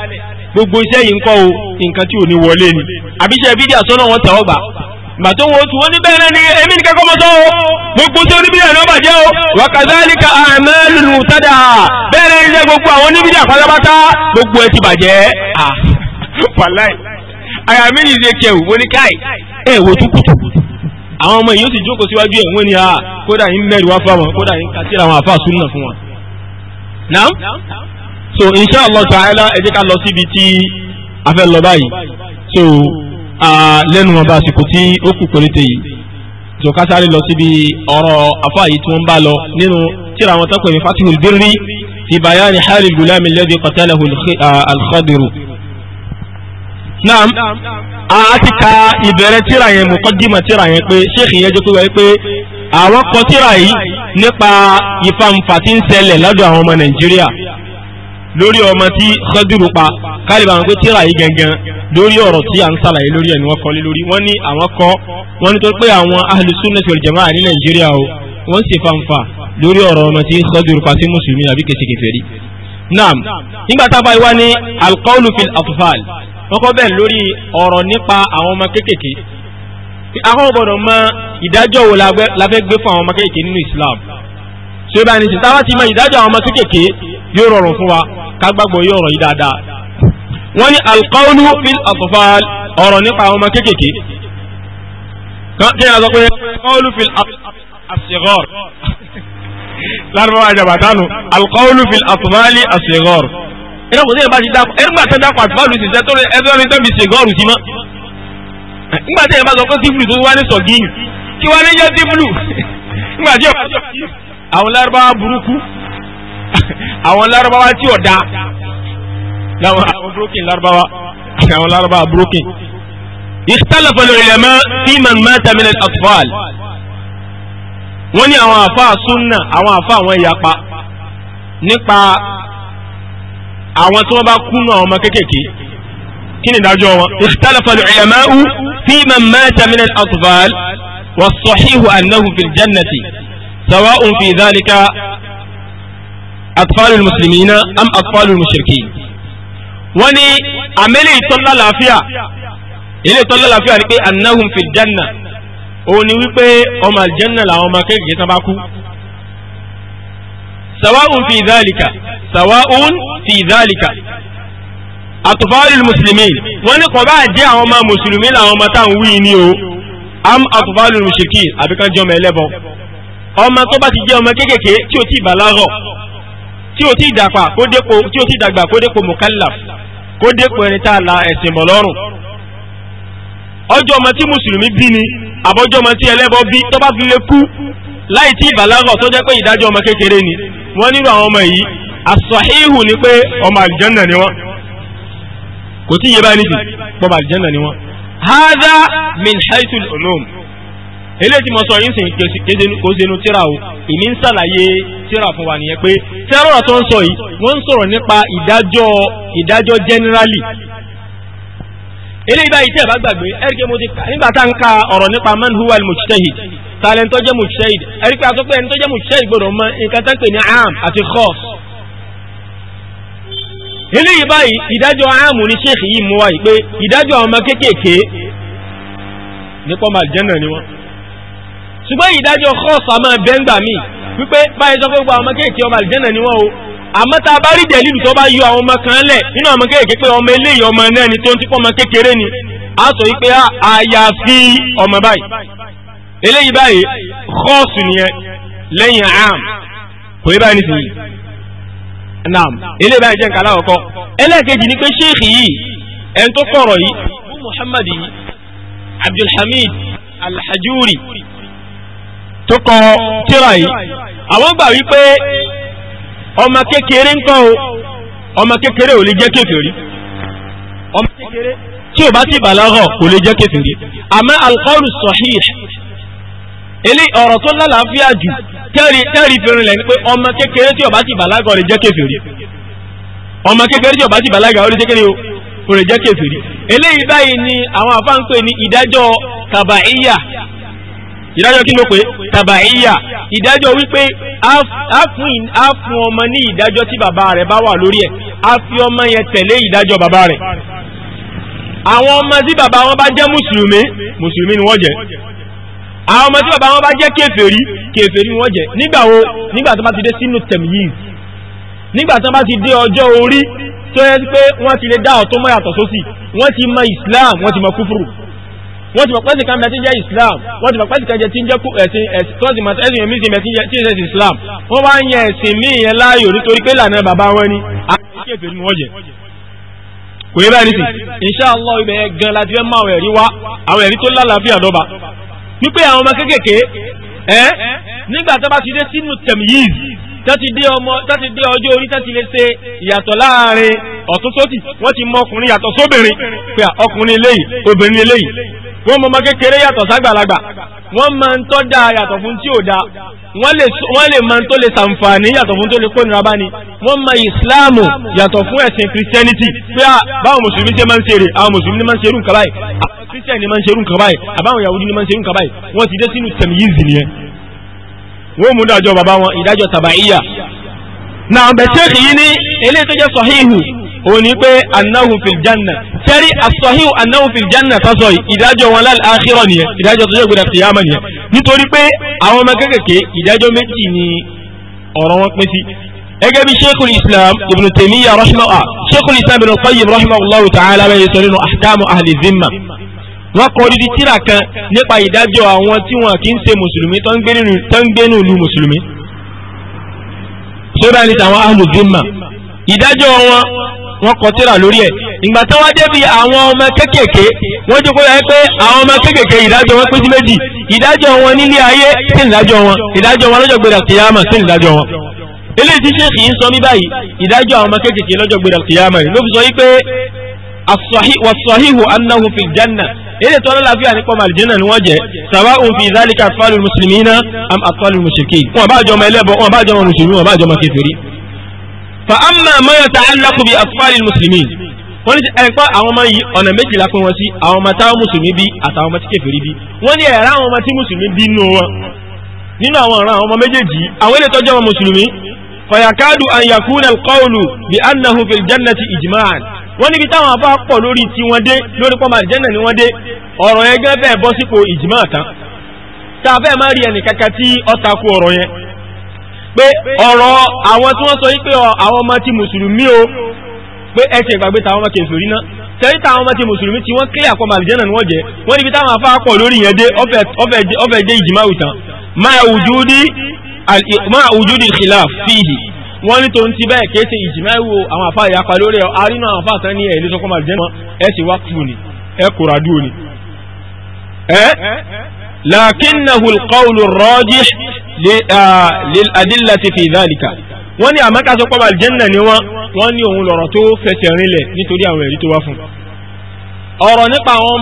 gbogbo iṣẹ́ yìí ń kọ́ o nǹkan tí ò ní wọlé ni àbíṣẹ́ bídíà sọ́nà wọn tẹ̀ ọgbà gbà tó wo tí wọ́n ní bẹ́ẹ̀ ni èmi ní kẹ́kọ́ mọ́tọ́ o gbogbo tó ní bídíà ní ọba jẹ́ o wa kadhalika a'malul mubtada bẹ́ẹ̀ ni ilé gbogbo àwọn ní bídíà pátápátá gbogbo ẹ ti bàjẹ́ Palai. àyà mi ní ìṣe kẹwù mo ní káì ẹ wo tún kùtù àwọn ọmọ yìí ó sì jókòó síwájú ẹ̀ wọ́n ní a kódà yín mẹ́rin wá fáwọn kódà yín kàtí so insha allah ta'ala ẹ jẹ́ ká lọ síbi tí a fẹ́ lọ báyìí so lẹ́nu wọn bá àsìkò tí ó kù péréte yìí so ká sáré lọ síbi ọ̀rọ̀ afọ àyè tí wọ́n ń bá lọ nínú tíra àwọn tó pè ní fatihul birri fi bayani hali gulami alladhi qatalahu alkhadiru. naam a ti ka ìbẹ̀rẹ̀ tíra yẹn muqaddima tíra yẹn pé sheikh yẹn jẹ́ pé wáyé pé àwọn kọ tíra yìí nípa ìfàǹfà tí ń ṣẹlẹ̀ lọ́dọ̀ àwọn ọmọ nàìjíríà lórí ọmọ tí Khadiru pa kálíbà wọn pé tíra yìí gangan lórí ọ̀rọ̀ tí à ń sàlàyé lórí ẹ̀ ni wọ́n kọ́ lé lórí wọ́n ní àwọn kọ́ wọ́n ní tó pé àwọn ahlu sunnah wal jamaa ní Nàìjíríà o wọ́n sì fanfa lórí ọ̀rọ̀ ọmọ tí Khadiru pa sí mùsùlùmí àbí kẹsìkẹfẹ̀rí. naam nígbà tá a bá wá ní alqawlu fil atfal wọ́n kọ́ bẹ́ẹ̀ lórí ọ̀rọ̀ nípa àwọn ọmọ kéékèèké àwọn gbọ́dọ̀ mọ ìdájọ́ wo la fẹ́ gbé fún àwọn ọmọ kéékèèké nínú Islam tí ó bá ní sí táwa ti mọ ìdájọ́ àwọn ọmọ kékèké yóò rọrùn fún wa ká gbàgbọ́ yóò rọ̀ yí dáadáa. wọ́n ní alqawlu fil atfal ọ̀rọ̀ nípa àwọn ọmọ kékèké kí ni a sọ pé alqawlu fil asghar lárúbáwá àjàbàtánu alqawlu fil atfal asghar. ẹ̀rọ kò sí ẹ̀ bá ti dákọ̀ ẹ̀rọ gbà tẹ́ dákọ̀ àtìfáàlù sì sẹ́tọ́ ẹ̀rọ ní tẹ́bi sègọ́ọ̀rù sí mọ́ nígbà tí ẹ̀ bá sọ pé sífìlù tó wá ní sọ̀gíìnì kí wá ní jẹ́ sífìlù nígbà tí ọ̀ àwọn lárúbáwá burúkú àwọn lárúbáwá tí ò dáa láwọn àwọn burúkú lárúbáwá àwọn lárúbáwá burúkú. ikhtalafa al-ulama fi man mata min al-atfal wọ́n ní àwọn àfa sunna àwọn àfa àwọn ìyapa nípa àwọn tí wọ́n bá kú nù àwọn ọmọ kéékèèké kí ni ìdájọ́ wọn. ikhtalafa al-ulama fi man mata min al-atfal was سواء في ذلك أطفال المسلمين أم أطفال المشركين وني عملي صلى الله عليه ilé tọ́lá làfíà rí pé annahum fi janna òun ni wípé ọmọ aljanna làwọn ọmọ kéèké tán bá kú sawa'un fi dhalika sawa'un fi dhalika atufalil muslimin wọ́n ní kò bá jẹ́ àwọn ọmọ mùsùlùmí làwọn ọmọ táwọn wí ni o am atufalil mushrikin àbíkan jọmọ ẹlẹ́bọ ọmọ tó bá ti jẹ́ ọmọ kéékèèké tí o ti bàlágọ̀ tí o ti dàgbà kó dépò tí o ti dàgbà kó dépò mukallaf kó dépò ẹni tá a la ẹ̀sìn bọ̀ lọ́rùn ọjọ́ ọmọ tí mùsùlùmí bí ni àbọ̀jọ́ ọmọ tí ẹlẹ́bọ bí tó bá fi lè kú láì tí ìbàlágọ̀ tó jẹ́ pé ìdájọ́ ọmọ kékeré ni wọ́n nílò àwọn ọmọ yìí àsọ̀híhù ni pé ọmọ àlìjánà ni wọ́n kò tí yé báyìí nìsí pọ̀ eléyìí tí mo sọ yìí sìn kò sínú tíra o ìní ń ṣàlàyé tíra fún wa nìyẹn pé tíra tó ń sọ yìí wọ́n ń sọ̀rọ̀ nípa ìdájọ́ ìdájọ́ generally eléyìí báyìí tí ẹ bá gbàgbé ẹ̀ríkẹ́ mo ti nígbà tá ń ka ọ̀rọ̀ nípa man huwa al-mujtahid talent tó jẹ́ mujtahid ẹ̀ríkẹ́ àtọ́ pé ẹni tó jẹ́ mujtahid gbọ́dọ̀ mọ nǹkan tó ń pè ní am àti khos eléyìí báyìí ìdájọ́ am ní sheikh yìí mú wáyé pé ìdájọ́ àwọn ọmọ kéékèèké nípa ọmọ àlìjẹ́nà ni wọ́n ṣùgbọ́n ìdájọ́ kọ́ọ̀sì àmọ́ bẹ́ńgbà míì wípé báyìí sọ pé gbogbo àwọn ọmọ kéèké ọmọ àlìjẹ́nà ni wọ́n o àmọ́ tá a bá rí dẹ̀lílù tó bá yọ àwọn ọmọ kan lẹ̀ nínú ọmọ kéèké pé ọmọ eléyìí ọmọ náà ni tó ń tipọ́ ọmọ kékeré ni a sọ wípé àyàfi ọmọ báyìí eléyìí báyìí kọ́ọ̀sì nìyẹn lẹ́yìn àm kò yẹ báyìí nísìnyí naam eléyìí báyìí jẹ́ nǹkan aláwọ̀kọ́ ẹlẹ́ẹ̀kejì ni pé ṣéèkì yìí ẹni tó kọ̀rọ̀ yìí Muhammad yìí tó kọ tíra yìí àwọn gbà wípé ọmọ kékeré ń kọ́ o ọmọ kékeré ò lè jẹ́ kèfèrí ọmọ kékeré tí ò bá ti bàlágà kò lè jẹ́ kèfèrí àmọ́ alqawlu sahih ilé ọ̀rọ̀ tó lálàáfíà jù tẹ́rì tẹ́rì fi rinlẹ̀ ni pé ọmọ kékeré tí ò bá ti bàlágà ò lè jẹ́ kèfèrí ọmọ kékeré tí ò bá ti bàlágà ò lè jẹ́ kèfèrí ò lè jẹ́ kèfèrí eléyìí báyìí ni àwọn àfáà ní ìdájọ́ kàbàíyà ìdájọ́ kí ló pé tàbàíyà ìdájọ́ wípé a fún ọmọ ní ìdájọ́ tí bàbá rẹ̀ bá wà lórí ẹ̀ a fi ọmọ yẹn tẹ̀lé ìdájọ́ bàbá rẹ̀ àwọn ọmọ tí bàbá wọn bá jẹ́ mùsùlùmí mùsùlùmí ni wọ́n jẹ́ àwọn ọmọ tí bàbá wọn bá jẹ́ kèfèrí kèfèrí ni wọ́n jẹ́ nígbà wo nígbà tó bá ti dé sínú tẹ̀míyìn nígbà tó bá ti dé ọjọ́ orí tó yẹ pé wọ́n ti lè dá ọ̀tún mọ́ yàtọ̀ sósì wọ́n ti mọ Islam wọ́n ti mọ kúfùrù wọ́n ti mọ̀ pẹ́sì kan bẹ jẹ́ islam wọ́n ti mọ̀ pẹ́sì kan jẹ tí ń jẹ́ ẹ̀sìn tọ́sí ẹ̀sìn omi ti mẹ́tí tí ń jẹ́ islam wọ́n wá ń yẹ ẹ̀sìn ní ìyẹn láàyò nítorí pé lànà bàbá wọn ni àkíyèsí ni wọ́n jẹ kò yẹ báyìí nìsín inṣàlọ́ ibẹ̀ yẹn gan láti fẹ́ máa àwọn ẹ̀rí wá àwọn ẹ̀rí tó lálàáfíà lọ́ba wípé àwọn ọmọ kéékèèké ẹ nígbà tó bá ti dé sínú tẹ̀míyìí tẹ́tí dé ọmọ tẹ́tí dé ọjọ́ orí tẹ́tí lè ṣe ìyàtọ̀ láàrin ọ̀tún sósì wọ́n ti mọ ọkùnrin yàtọ̀ sóbìnrin pé ọkùnrin eléyìí obìnrin eléyìí wọ́n mọ ọmọ kékeré yàtọ̀ ságbàlagbà wọ́n máa ń tọ́ da yàtọ̀ fún tí ò da wọ́n lè máa ń tó lè sàǹfààní yàtọ̀ fún tó lè kó nira bá ni wọ́n mọ ìsìláàmù yàtọ̀ fún ẹ̀sìn kìrìsìtẹ́nìtì pé báwọn mùsùlùmí ṣe máa ń ṣeré àwọn mùsùlùmí máa ń ṣerú nǹkan báyìí kìrìsìtẹ́nì máa ń ṣerú nǹkan báyìí àbáwọn yahudi máa ń ṣerú nǹkan báyìí wọ́n ti dé sínú tẹ̀míyìzì nìyẹn wọ́n mú dájọ́ bàbá wọn ìdájọ́ tàbáyíyà na bẹ̀ṣẹ́kì yìí ní eléyìí tó jẹ́ sọ̀híhù òun ni pé anáhùn fìljanna tẹ́rí àsọ̀híhù anáhùn fìljanna sásọ ìdájọ́ wọn láàkírọ̀ nìyẹn ìdájọ́ tó jẹ́ gbọdọ̀ tìyàmọ̀ nìyẹn nítorí pé àwọn ọmọ kékèké ìdájọ́ méjì ni ọ̀rọ̀ wọn pín sí gẹ́gẹ́ bí sheikhul islam ibn wọ́n kọ odidi tírà kan nípa ìdájọ́ àwọn tí wọn kì í ṣe mùsùlùmí tó ń gbé nínú mùsùlùmí sódà ní tàwọn alùdímà ìdájọ́ wọn wọ́n kọ tírà lórí ẹ̀ ìgbà tó wá débi àwọn ọmọ kéékèèké wọ́n jókòó yẹ pé àwọn ọmọ kéékèèké ìdájọ́ wọn pín sí méjì ìdájọ́ wọn nílé ayé sí ìdájọ́ wọn ìdájọ́ wọn lọ́jọ́ gbéra kìyàmà sí ìdájọ́ wọn eléyìí tí sèkì ń sọ ní báyìí ìdájọ́ àwọn ọmọ kéékèèké lọ́jọ́ gbéra kìyàmà ló fi sọ yí pé as-sahihu annahu fil eré tó lálàáfíà nípa ọmọ àlìjẹ́nà ni wọ́n jẹ́ sàbá òun fi ìdálíkà àtfàlù mùsùlùmí iná am àtfàlù mùsùlùmí wọn bá jọmọ ẹlẹ́bọ wọn bá jọmọ mùsùlùmí wọn bá jọmọ kèfèrí. fa amma ma yata'allaqu bi àtfàlù mùsùlùmí wọ́n ní ẹ̀pá àwọn ọmọ yìí ọ̀nà méjìlá pín wọn sí àwọn ọmọ táwọn mùsùlùmí bí àtàwọn ọmọ tí kèfèrí bí wọ́n ní ẹ̀rá àwọn ọmọ tí mùsùlùmí bí nù wọn nínú àwọn ọ̀ràn àwọn ọmọ méjèèjì àwọn ilé tọ́jú ọmọ mùsùlùmí fayakadu an yakuna bi annahu fil jannati ijma'an wọ́n níbi táwọn àbá pọ̀ lórí tí wọ́n dé lórí pọ́nmà àlìjẹ́nà ni wọ́n dé ọ̀rọ̀ yẹn gẹ́gẹ́ bẹ́ẹ̀ bọ́ sípò ìjìmọ̀ kan tá a fẹ́ máa rí ẹnì kankan tí ó takú ọ̀rọ̀ yẹn pé ọ̀rọ̀ àwọn tí wọ́n sọ yí pé àwọn ọmọ ti mùsùlùmí o pé ẹsẹ̀ ìgbàgbé tàwọn ọmọ kẹfìrí náà tẹ́rí tàwọn ọmọ ti mùsùlùmí tí wọ́n kílẹ̀ àpọ̀ màlìjẹ́nà ni wọ́n jẹ́ wọ́n níbi táwọn afá pọ̀ lórí yẹn dé ọfẹ́ jẹ́ ìjìmá òtàn máa wùjú dí khilaf fihi wọ́n ní tòun ti bẹ́ẹ̀ kìí ṣe ìjìmáwò àwọn àfáà ìyapa lórí ẹ̀ arínú àwọn àfáà tán ní ẹ̀ ilé sọ́kọ́ màlúù jẹ́mọ́ ẹ̀ sì wá kú ni ẹ̀ kóra dúró ni. ẹ lakinnahu alqawlu rajih lil adillati fi wọ́n ní àmọ́ ká sọ pé àlùjẹ́nà ni wọ́n wọ́n ní òun lọ̀rọ̀ tó fẹsẹ̀ rinlẹ̀ nítorí àwọn ẹ̀rí tó wá fún ọ̀rọ̀ nípa àwọn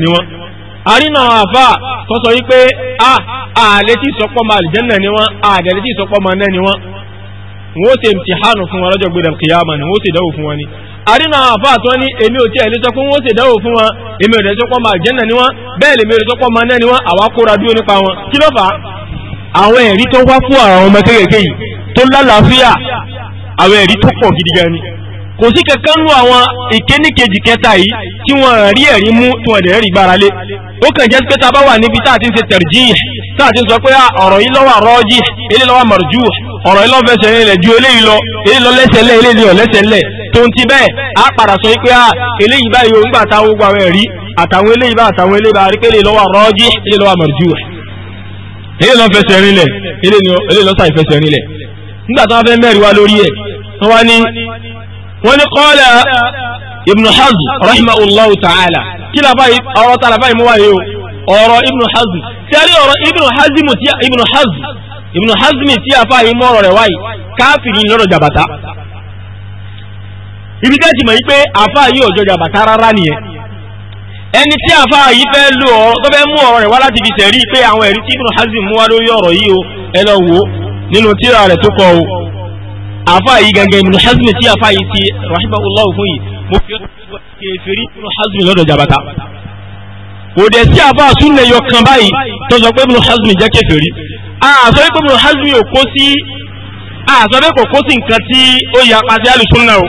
ọmọ àrínà àwọn àfà tó sọ wípé a ààlẹ́ tí ìsọpọ̀ máa àlìjẹ́nà ni wọn ààlẹ́ tí ìsọpọ̀ máa náà ni wọ́n wọ́n ṣe ìmtìhánù fún wọn lọ́jọ́ ni wọ́n ṣe dáwò fún wọn ni àrínà àwọn àfà tó ní èmi ò tí ẹ̀ lè sọ ṣe dáwò fún wọn èmi ò lè sọpọ̀ máa ni wọn lè mi ò ni wọn àwa kóra dúró nípa wọn kí ló fà á àwọn ẹ̀rí tó wá fún àwọn ọmọ kéékèèké yìí tó lálàáfíà àwọn ẹ̀rí kò sí kankan nú àwọn ìkéníkejì kẹta yìí tí wọ́n rí ẹ̀rí mú tí wọ́n dẹ̀ rí gbára lé ó kàn jẹ́ pé tá a bá wà níbi tá a ti ń ṣe tẹ̀rìjì tá a ti ń sọ pé ah, ọ̀rọ̀ yìí lọ́wọ́ àrọ́jì eléyìí lọ́wọ́ àmọ̀rọ̀jù ọ̀rọ̀ yìí lọ́fẹsẹ̀ rẹ̀ ju eléyìí lọ eléyìí lọ lẹ́sẹ̀ lẹ́ eléyìí lọ lẹ́sẹ̀ lẹ́ tó ń ti bẹ́ẹ̀ á padà sọ pé ah, eléyìí báyìí òun gbà táwọn gbà wẹ̀ rí àtàwọn eléyìí bá àtàwọn eléyìí bá rí pé eléyìí lọ́wọ́ àrọ́jì wọ́n ní qala ibn hazm rahimahullahu ta'ala kí làbáyé ọ̀rọ̀ tá làbáyé mú wáyé o ọ̀rọ̀ ibn hazm tí a rí ọ̀rọ̀ ibn hazm tí ibn hazm ibn hazm tí a fà yín wáyé káfíìn ní lọ́dọ̀ jàbàtà ibi tẹ́ ti mọ̀ yí pé àfà yìí ọ̀jọ̀ jàbàtà rárá nìyẹn ẹni tí àfà yìí fẹ́ lò ọ̀rọ̀ tó fẹ́ mú ọ̀rọ̀ rẹ̀ wá láti fi sẹ̀rí pé àwọn ẹ̀rí tí ibn hazm wá lórí ọ̀rọ̀ yìí o ẹ lọ wò nínú tírà rẹ̀ tó kọ o Afa yìí gangan Ibn Hazm tí afa yìí ti rahimahullah fún yìí mo fi kèfèrí Ibn Hazm lọ́dọ̀ jabata kò dẹ̀ sí àfa súnlẹ̀ yọ kan báyìí tó sọ pé Ibn Hazm jẹ́ kèfèrí àsọ pé Ibn Hazm yóò kó sí àsọ pé kò kó sí nǹkan tí ó yà pàṣẹ àlùsùn náà o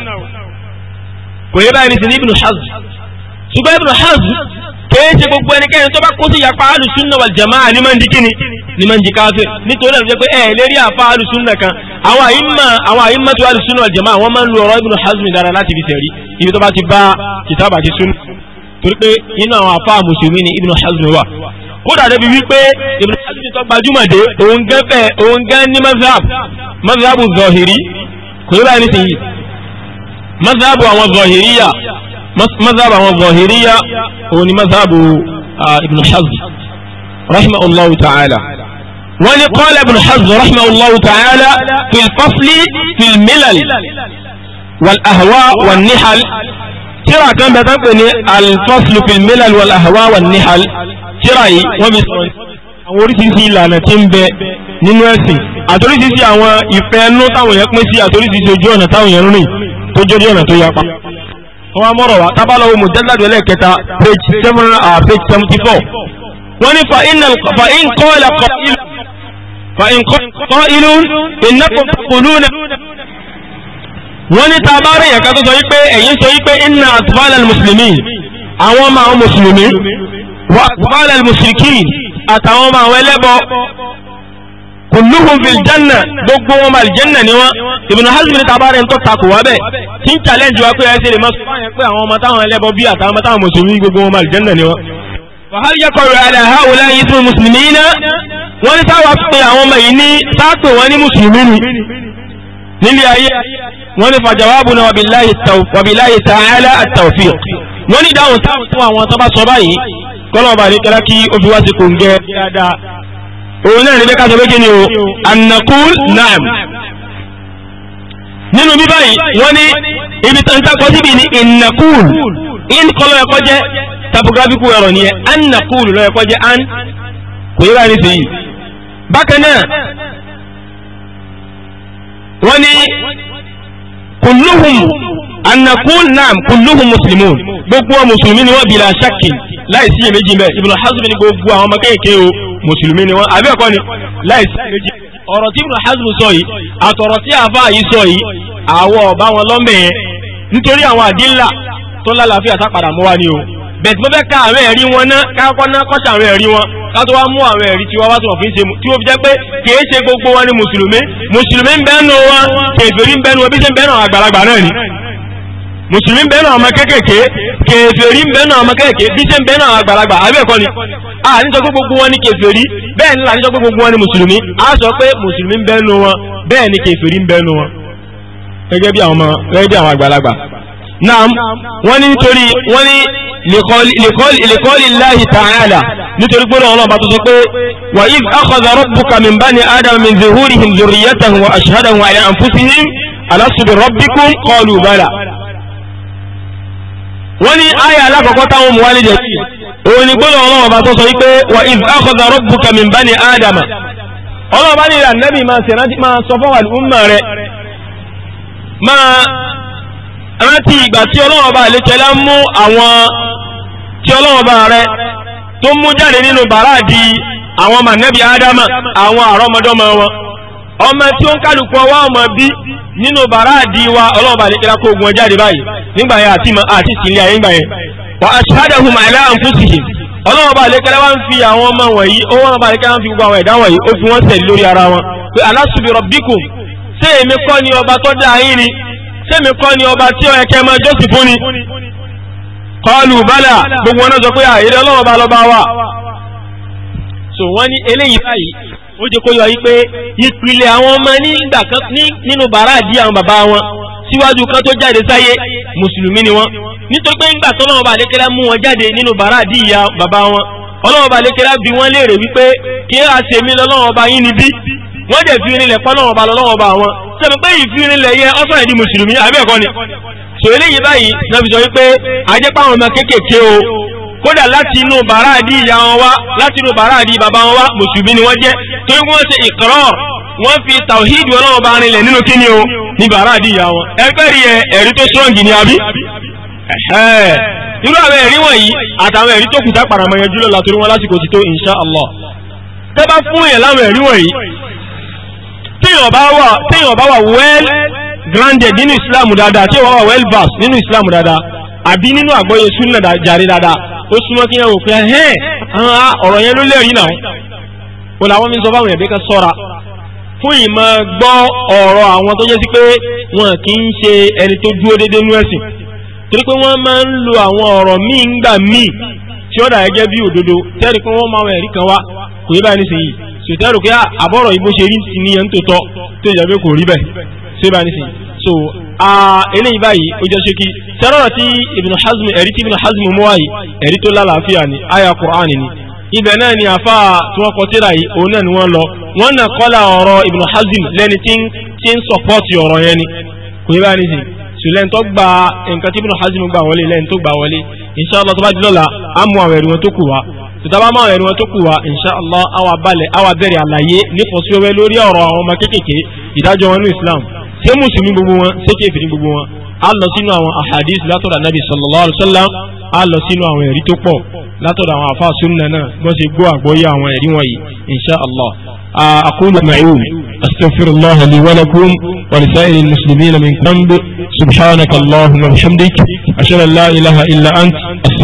kò yẹ báyìí ní Ibn Hazm ṣùgbọ́n Ibn Hazm kèé ṣe gbogbo ẹnikẹ́ni tó bá kó sí ìyapa alùsùnà wal jamaa ní máa ń di kíni ní máa ń di káfíìn nítorí àti pé ẹ lérí àfa alùsùnà kan àwọn àyímà àwọn àyímà tó alùsùnà wal jamaa àwọn máa ń lu ọ̀rọ̀ ibùdó hazmi dára láti fi sẹ̀rí ibi tó bá ti bá kìtàbà ti sún torí pé inú àwọn àfa mùsùlùmí ni ibùdó hazmi wà kódà débi wípé ibùdó hazmi tó gbajúmọ̀ dé òun gán fẹ́ mazhab àwọn zahiriya òun ni mazhab ibn hazm rahimahullah ta'ala wọ́n ní qala ibn hazm rahimahullah ta'ala fil fasli fil milal wal ahwa wal nihal tíra kan bẹ tán pè ní alfaslu fil milal wal ahwa wal nihal tíra yìí wọ́n bí sọ àwọn oríṣiríṣi ìlànà tí ń bẹ nínú ẹ̀sìn àtòríṣiríṣi àwọn ìfẹ́ ẹnu táwọn èèyàn pín sí àtòríṣiríṣi ojú ọ̀nà táwọn èèyàn rìn tó jẹ́ ojú ọ̀nà tó yapa wọ́n á mọ̀rọ̀ wá tábàlọ́wọ́ mujalladu ẹlẹ́kẹta page seven and uh, page seventy four wọ́n ní fa in qala qa'il fa in qa'il innakum taquluna wọ́n ní tàbárẹ̀ yẹ̀ká tó sọ wípé ẹ̀yin sọ wípé inna atfala al-muslimin àwọn ọmọ àwọn mùsùlùmí wa atfala al àtàwọn ọmọ àwọn ẹlẹ́bọ kulluhum fil janna gbogbo wọn máa janna ni wọn Ibn Hazm ní tabarí ń tọ́ takò wá bẹ́ẹ̀ tí ń challenge wa pé ẹsẹ̀ lè máa sọ fáyẹn pé àwọn ọmọ táwọn ẹlẹ́bọ bí àtàwọn ọmọ táwọn mùsùlùmí gbogbo wọn máa janna ni wọn. wàhálì jẹ́ kọ̀rọ̀ ala haula ismu mùsùlùmí iná wọ́n ní sáwà pé àwọn ọmọ yìí ní sáàpè wọn ní mùsùlùmí ni nílé ayé wọ́n ní fàjàwábù náà wàbíláyé ta'ala at-tawfiq ní dáhùn táwọn tó àwọn tó òun náà ní bẹ́ẹ̀ ká sọ kí ni o anakul naam nínú bí báyìí wọ́n ní ibi tàǹtàkọ́ síbi ní inakul in kọ́lọ́ ẹ̀kọ́ jẹ́ topographical ẹ̀rọ ni ẹ anakul lọ́ ẹ̀kọ́ jẹ́ an kò yẹ báyìí nísìnyí bákan náà wọ́n ní kulluhum anakul naam kulluhum muslimun gbogbo wa mùsùlùmí ni wọ́n bila shakki láì síyèméjì mẹ́ ibùdó hasu ni gbogbo àwọn ọmọ kéèké o. musulumi ni wọ́n àbí ẹ̀kọ́ ni láìsí méjì ọ̀rọ̀ tí ibùdó hasbu sọ yìí àtọ̀rọ̀ tí yìí sọ yìí àwọ̀ wọn lọ́mẹ̀ yẹn nítorí àwọn àdínlà tó lálàáfíà sápadà mọ́ ni o bẹ̀tí mo fẹ́ ka àwọn ẹ̀rí wọn ná kákọ́ ná kọ́ṣà wọn wá mú àwọn ẹ̀rí tiwa wá fi ń ṣe fi jẹ́ pé kìí ṣe gbogbo wọn ni ń bẹ́ẹ̀ nù wọn ń bẹ́ẹ̀ nù wọn bí ṣe mùsùlùmí ń bẹ́ẹ̀ náà ọmọ kéékèèké kèfèrí ń bẹ́ẹ̀ náà ọmọ kéékèèké bí ṣe ń bẹ́ẹ̀ náà àgbàlagbà àbí ẹ̀kọ́ ni a ní sọ pé gbogbo wọn ni kèfèrí bẹ́ẹ̀ ni a ní sọ pé gbogbo wọn ni mùsùlùmí a sọ pé mùsùlùmí ń bẹ́ẹ̀ nu wọn bẹ́ẹ̀ ni kèfèrí ń bẹ́ẹ̀ nu wọn gẹ́gẹ́ bí àwọn gẹ́gẹ́ bí àwọn àgbàlagbà. naam wọ́n ní nítorí wọ́n ní lèkọ́lì tààlà nítorí pé ọlọ́run ọba tó pé wà if akhadha rabbuka min bani adam min zuhurihim zurriyatahum wa ashhadahum ala anfusihim alastu bi rabbikum qalu bala wọ́n ní ayé alákọ̀ọ́kọ́ táwọn mú wálé jẹ òun ni gbọ́dọ̀ ọlọ́wọ́ bá sọ wípé wà ìfẹ́ rọ́bù kàmí bá ní ádámà ọlọ́wọ́ bá ní ìlànà máa ṣe sọ rẹ máa rántí ìgbà tí ọlọ́wọ́ bá àwọn tí ọlọ́wọ́ bá tó mú jáde nínú bàrá di àwọn àwọn àrọ́mọdọ́mọ wọn ọmọ tí ó ń kálukú ọwọ́ ọmọ bí nínú bàrá àdí wa ọlọ́ọ̀bà ní kílákó ogun ọjà rí báyìí nígbà yẹn àti àti sílẹ̀ ayé nígbà yẹn wà á ṣáàdà hùmà ilé àǹfùsìhìn ọlọ́ọ̀bà ní kíláwá ń fi àwọn ọmọ wọ̀nyí owó ọlọ́ọ̀bà ní kíláwá ń fi gbogbo àwọn ẹ̀dá wọ̀nyí ó fi wọ́n sẹ̀ lórí ara wọn pé aláṣubì rọ̀bíkù so wọ́n ní eléyìí ó jẹ́ kó yọ yí pé ìpìlẹ̀ àwọn ọmọ nígbà kan nínú bàrá àdí àwọn bàbá wọn síwájú kan tó jáde sáyé mùsùlùmí ni wọn nítorí pé ńgbà tó lọ́wọ́ bá lékẹ́lá mú wọn jáde nínú bàrá àdí ìyá bàbá wọn ọlọ́wọ́ bá lékẹ́lá bí wọ́n léèrè wípé kí á ṣe mí lọ́wọ́ bá yín níbí wọ́n dẹ̀ fi irinlẹ̀ pọ́ lọ́wọ́ bá lọ́wọ́ bá wọn sẹ́mi pé ìfi irinlẹ̀ yẹ ọ́sán ẹ̀dí mùsùlùmí àbẹ́ẹ̀kọ́ ni sòrèlé yìí báyìí náà wípé ajẹ́pá àwọn ọmọ kéékèèké o kódà láti inú bàrá àdí ìyá wọn wá láti inú bàrá àdí bàbá wọn wá mùsùlùmí ni wọ́n jẹ́ torí wọ́n ṣe ìkọ̀rọ̀ wọ́n fi tàwíìdì ọlọ́wọ́ bá rinlẹ̀ nínú kíni o ní bàrá àdí ìyá wọn ẹgbẹ́ rí ẹ ẹ̀rí tó strong ni àbí irú àwọn ẹ̀rí wọ̀nyí àtàwọn ẹ̀rí tó kù tá paramọ̀ yanjú lọ́la torí wọn lásìkò ti tó insha Allah tẹ́ bá fún yẹn láwọn ẹ̀rí wọ̀nyí téèyàn téèyàn bá wà well grounded nínú Islamu dáadáa tí wọ́n wà well versed nínú Islamu dáadáa àbí nínú àgbọ́yé sunna jàre dáadáa ó súnmọ́ kí yẹn wò pé ẹ̀ ọ̀rọ̀ yẹn ló lẹ́rìí náà ó làwọn mi sọ fáwọn èèyàn bí ká sọ́ra fún ìmọ̀ gbọ́ ọ̀rọ̀ àwọn tó jẹ́ sí pé wọn kì í ṣe ẹni tó dúró déédéé nú ẹ̀sìn torí pé wọ́n máa ń lo àwọn ọ̀rọ̀ míì ń míì tí ó dà gẹ́gẹ́ bí òdodo tẹ́rì pé wọ́n máa ẹ̀rí kan wá kò yí báyìí nísìnyí sòtẹ́rù pé ah, àbọ̀rọ̀ ìbò ṣe rí sí ni yẹn ń tòótọ́ tó ìjàmbá kò rí bẹ́ẹ̀ ṣé bá nísìn so eléyìí báyìí ó jẹ́ ṣókí sẹ́rọ̀rọ̀ tí Ibn Hazm ẹ̀rí tí Ibn Hazm mú wáyìí ẹ̀rí tó lálàáfíà ni àyà Qur'an ni ibẹ̀ náà ni àfa tí wọ́n kọ tírà yìí òun náà ni wọ́n lọ wọ́n náà kọ́lá ọ̀rọ̀ Ibn Hazm lẹ́ni tí ń sọ̀pọ́ọ̀tì ọ̀rọ̀ yẹn ni kò yẹ bá nísìn sùlẹ́n tó gba nǹkan tí Ibn Hazm gbà wọlé lẹ́yìn tó gbà wọlé insha Allah tó bá di lọ́la á mú àwọn ẹ̀rí wọn tó kù wá tòtàbá máa ẹ̀rí wọn tó kù wá insha Allah àwa balẹ̀ àwa bẹ̀rẹ̀ àlàyé nífọ̀síwẹ́wẹ́ lórí ọ̀rọ̀ àwọn ọmọ kéékèèké ìdájọ́ wọn ní Islam ṣé mùsùlùmí gbogbo wọn ṣé kèfèrí gbogbo wọn a lọ sínú àwọn ahadis látọ̀dọ̀ anabi sallallahu alayhi wa sallam a lọ sínú àwọn ẹ̀rí tó pọ̀ látọ̀dọ̀ àwọn àfa sunna náà wọ́n ṣe gbọ́ àgbọ́yé àwọn ẹ̀rí wọ̀nyí insha allah aqulu ma'un astaghfirullah li wa lakum wa lisa'il muslimina min dhanbi subhanaka allahumma wa bihamdik la ilaha illa ant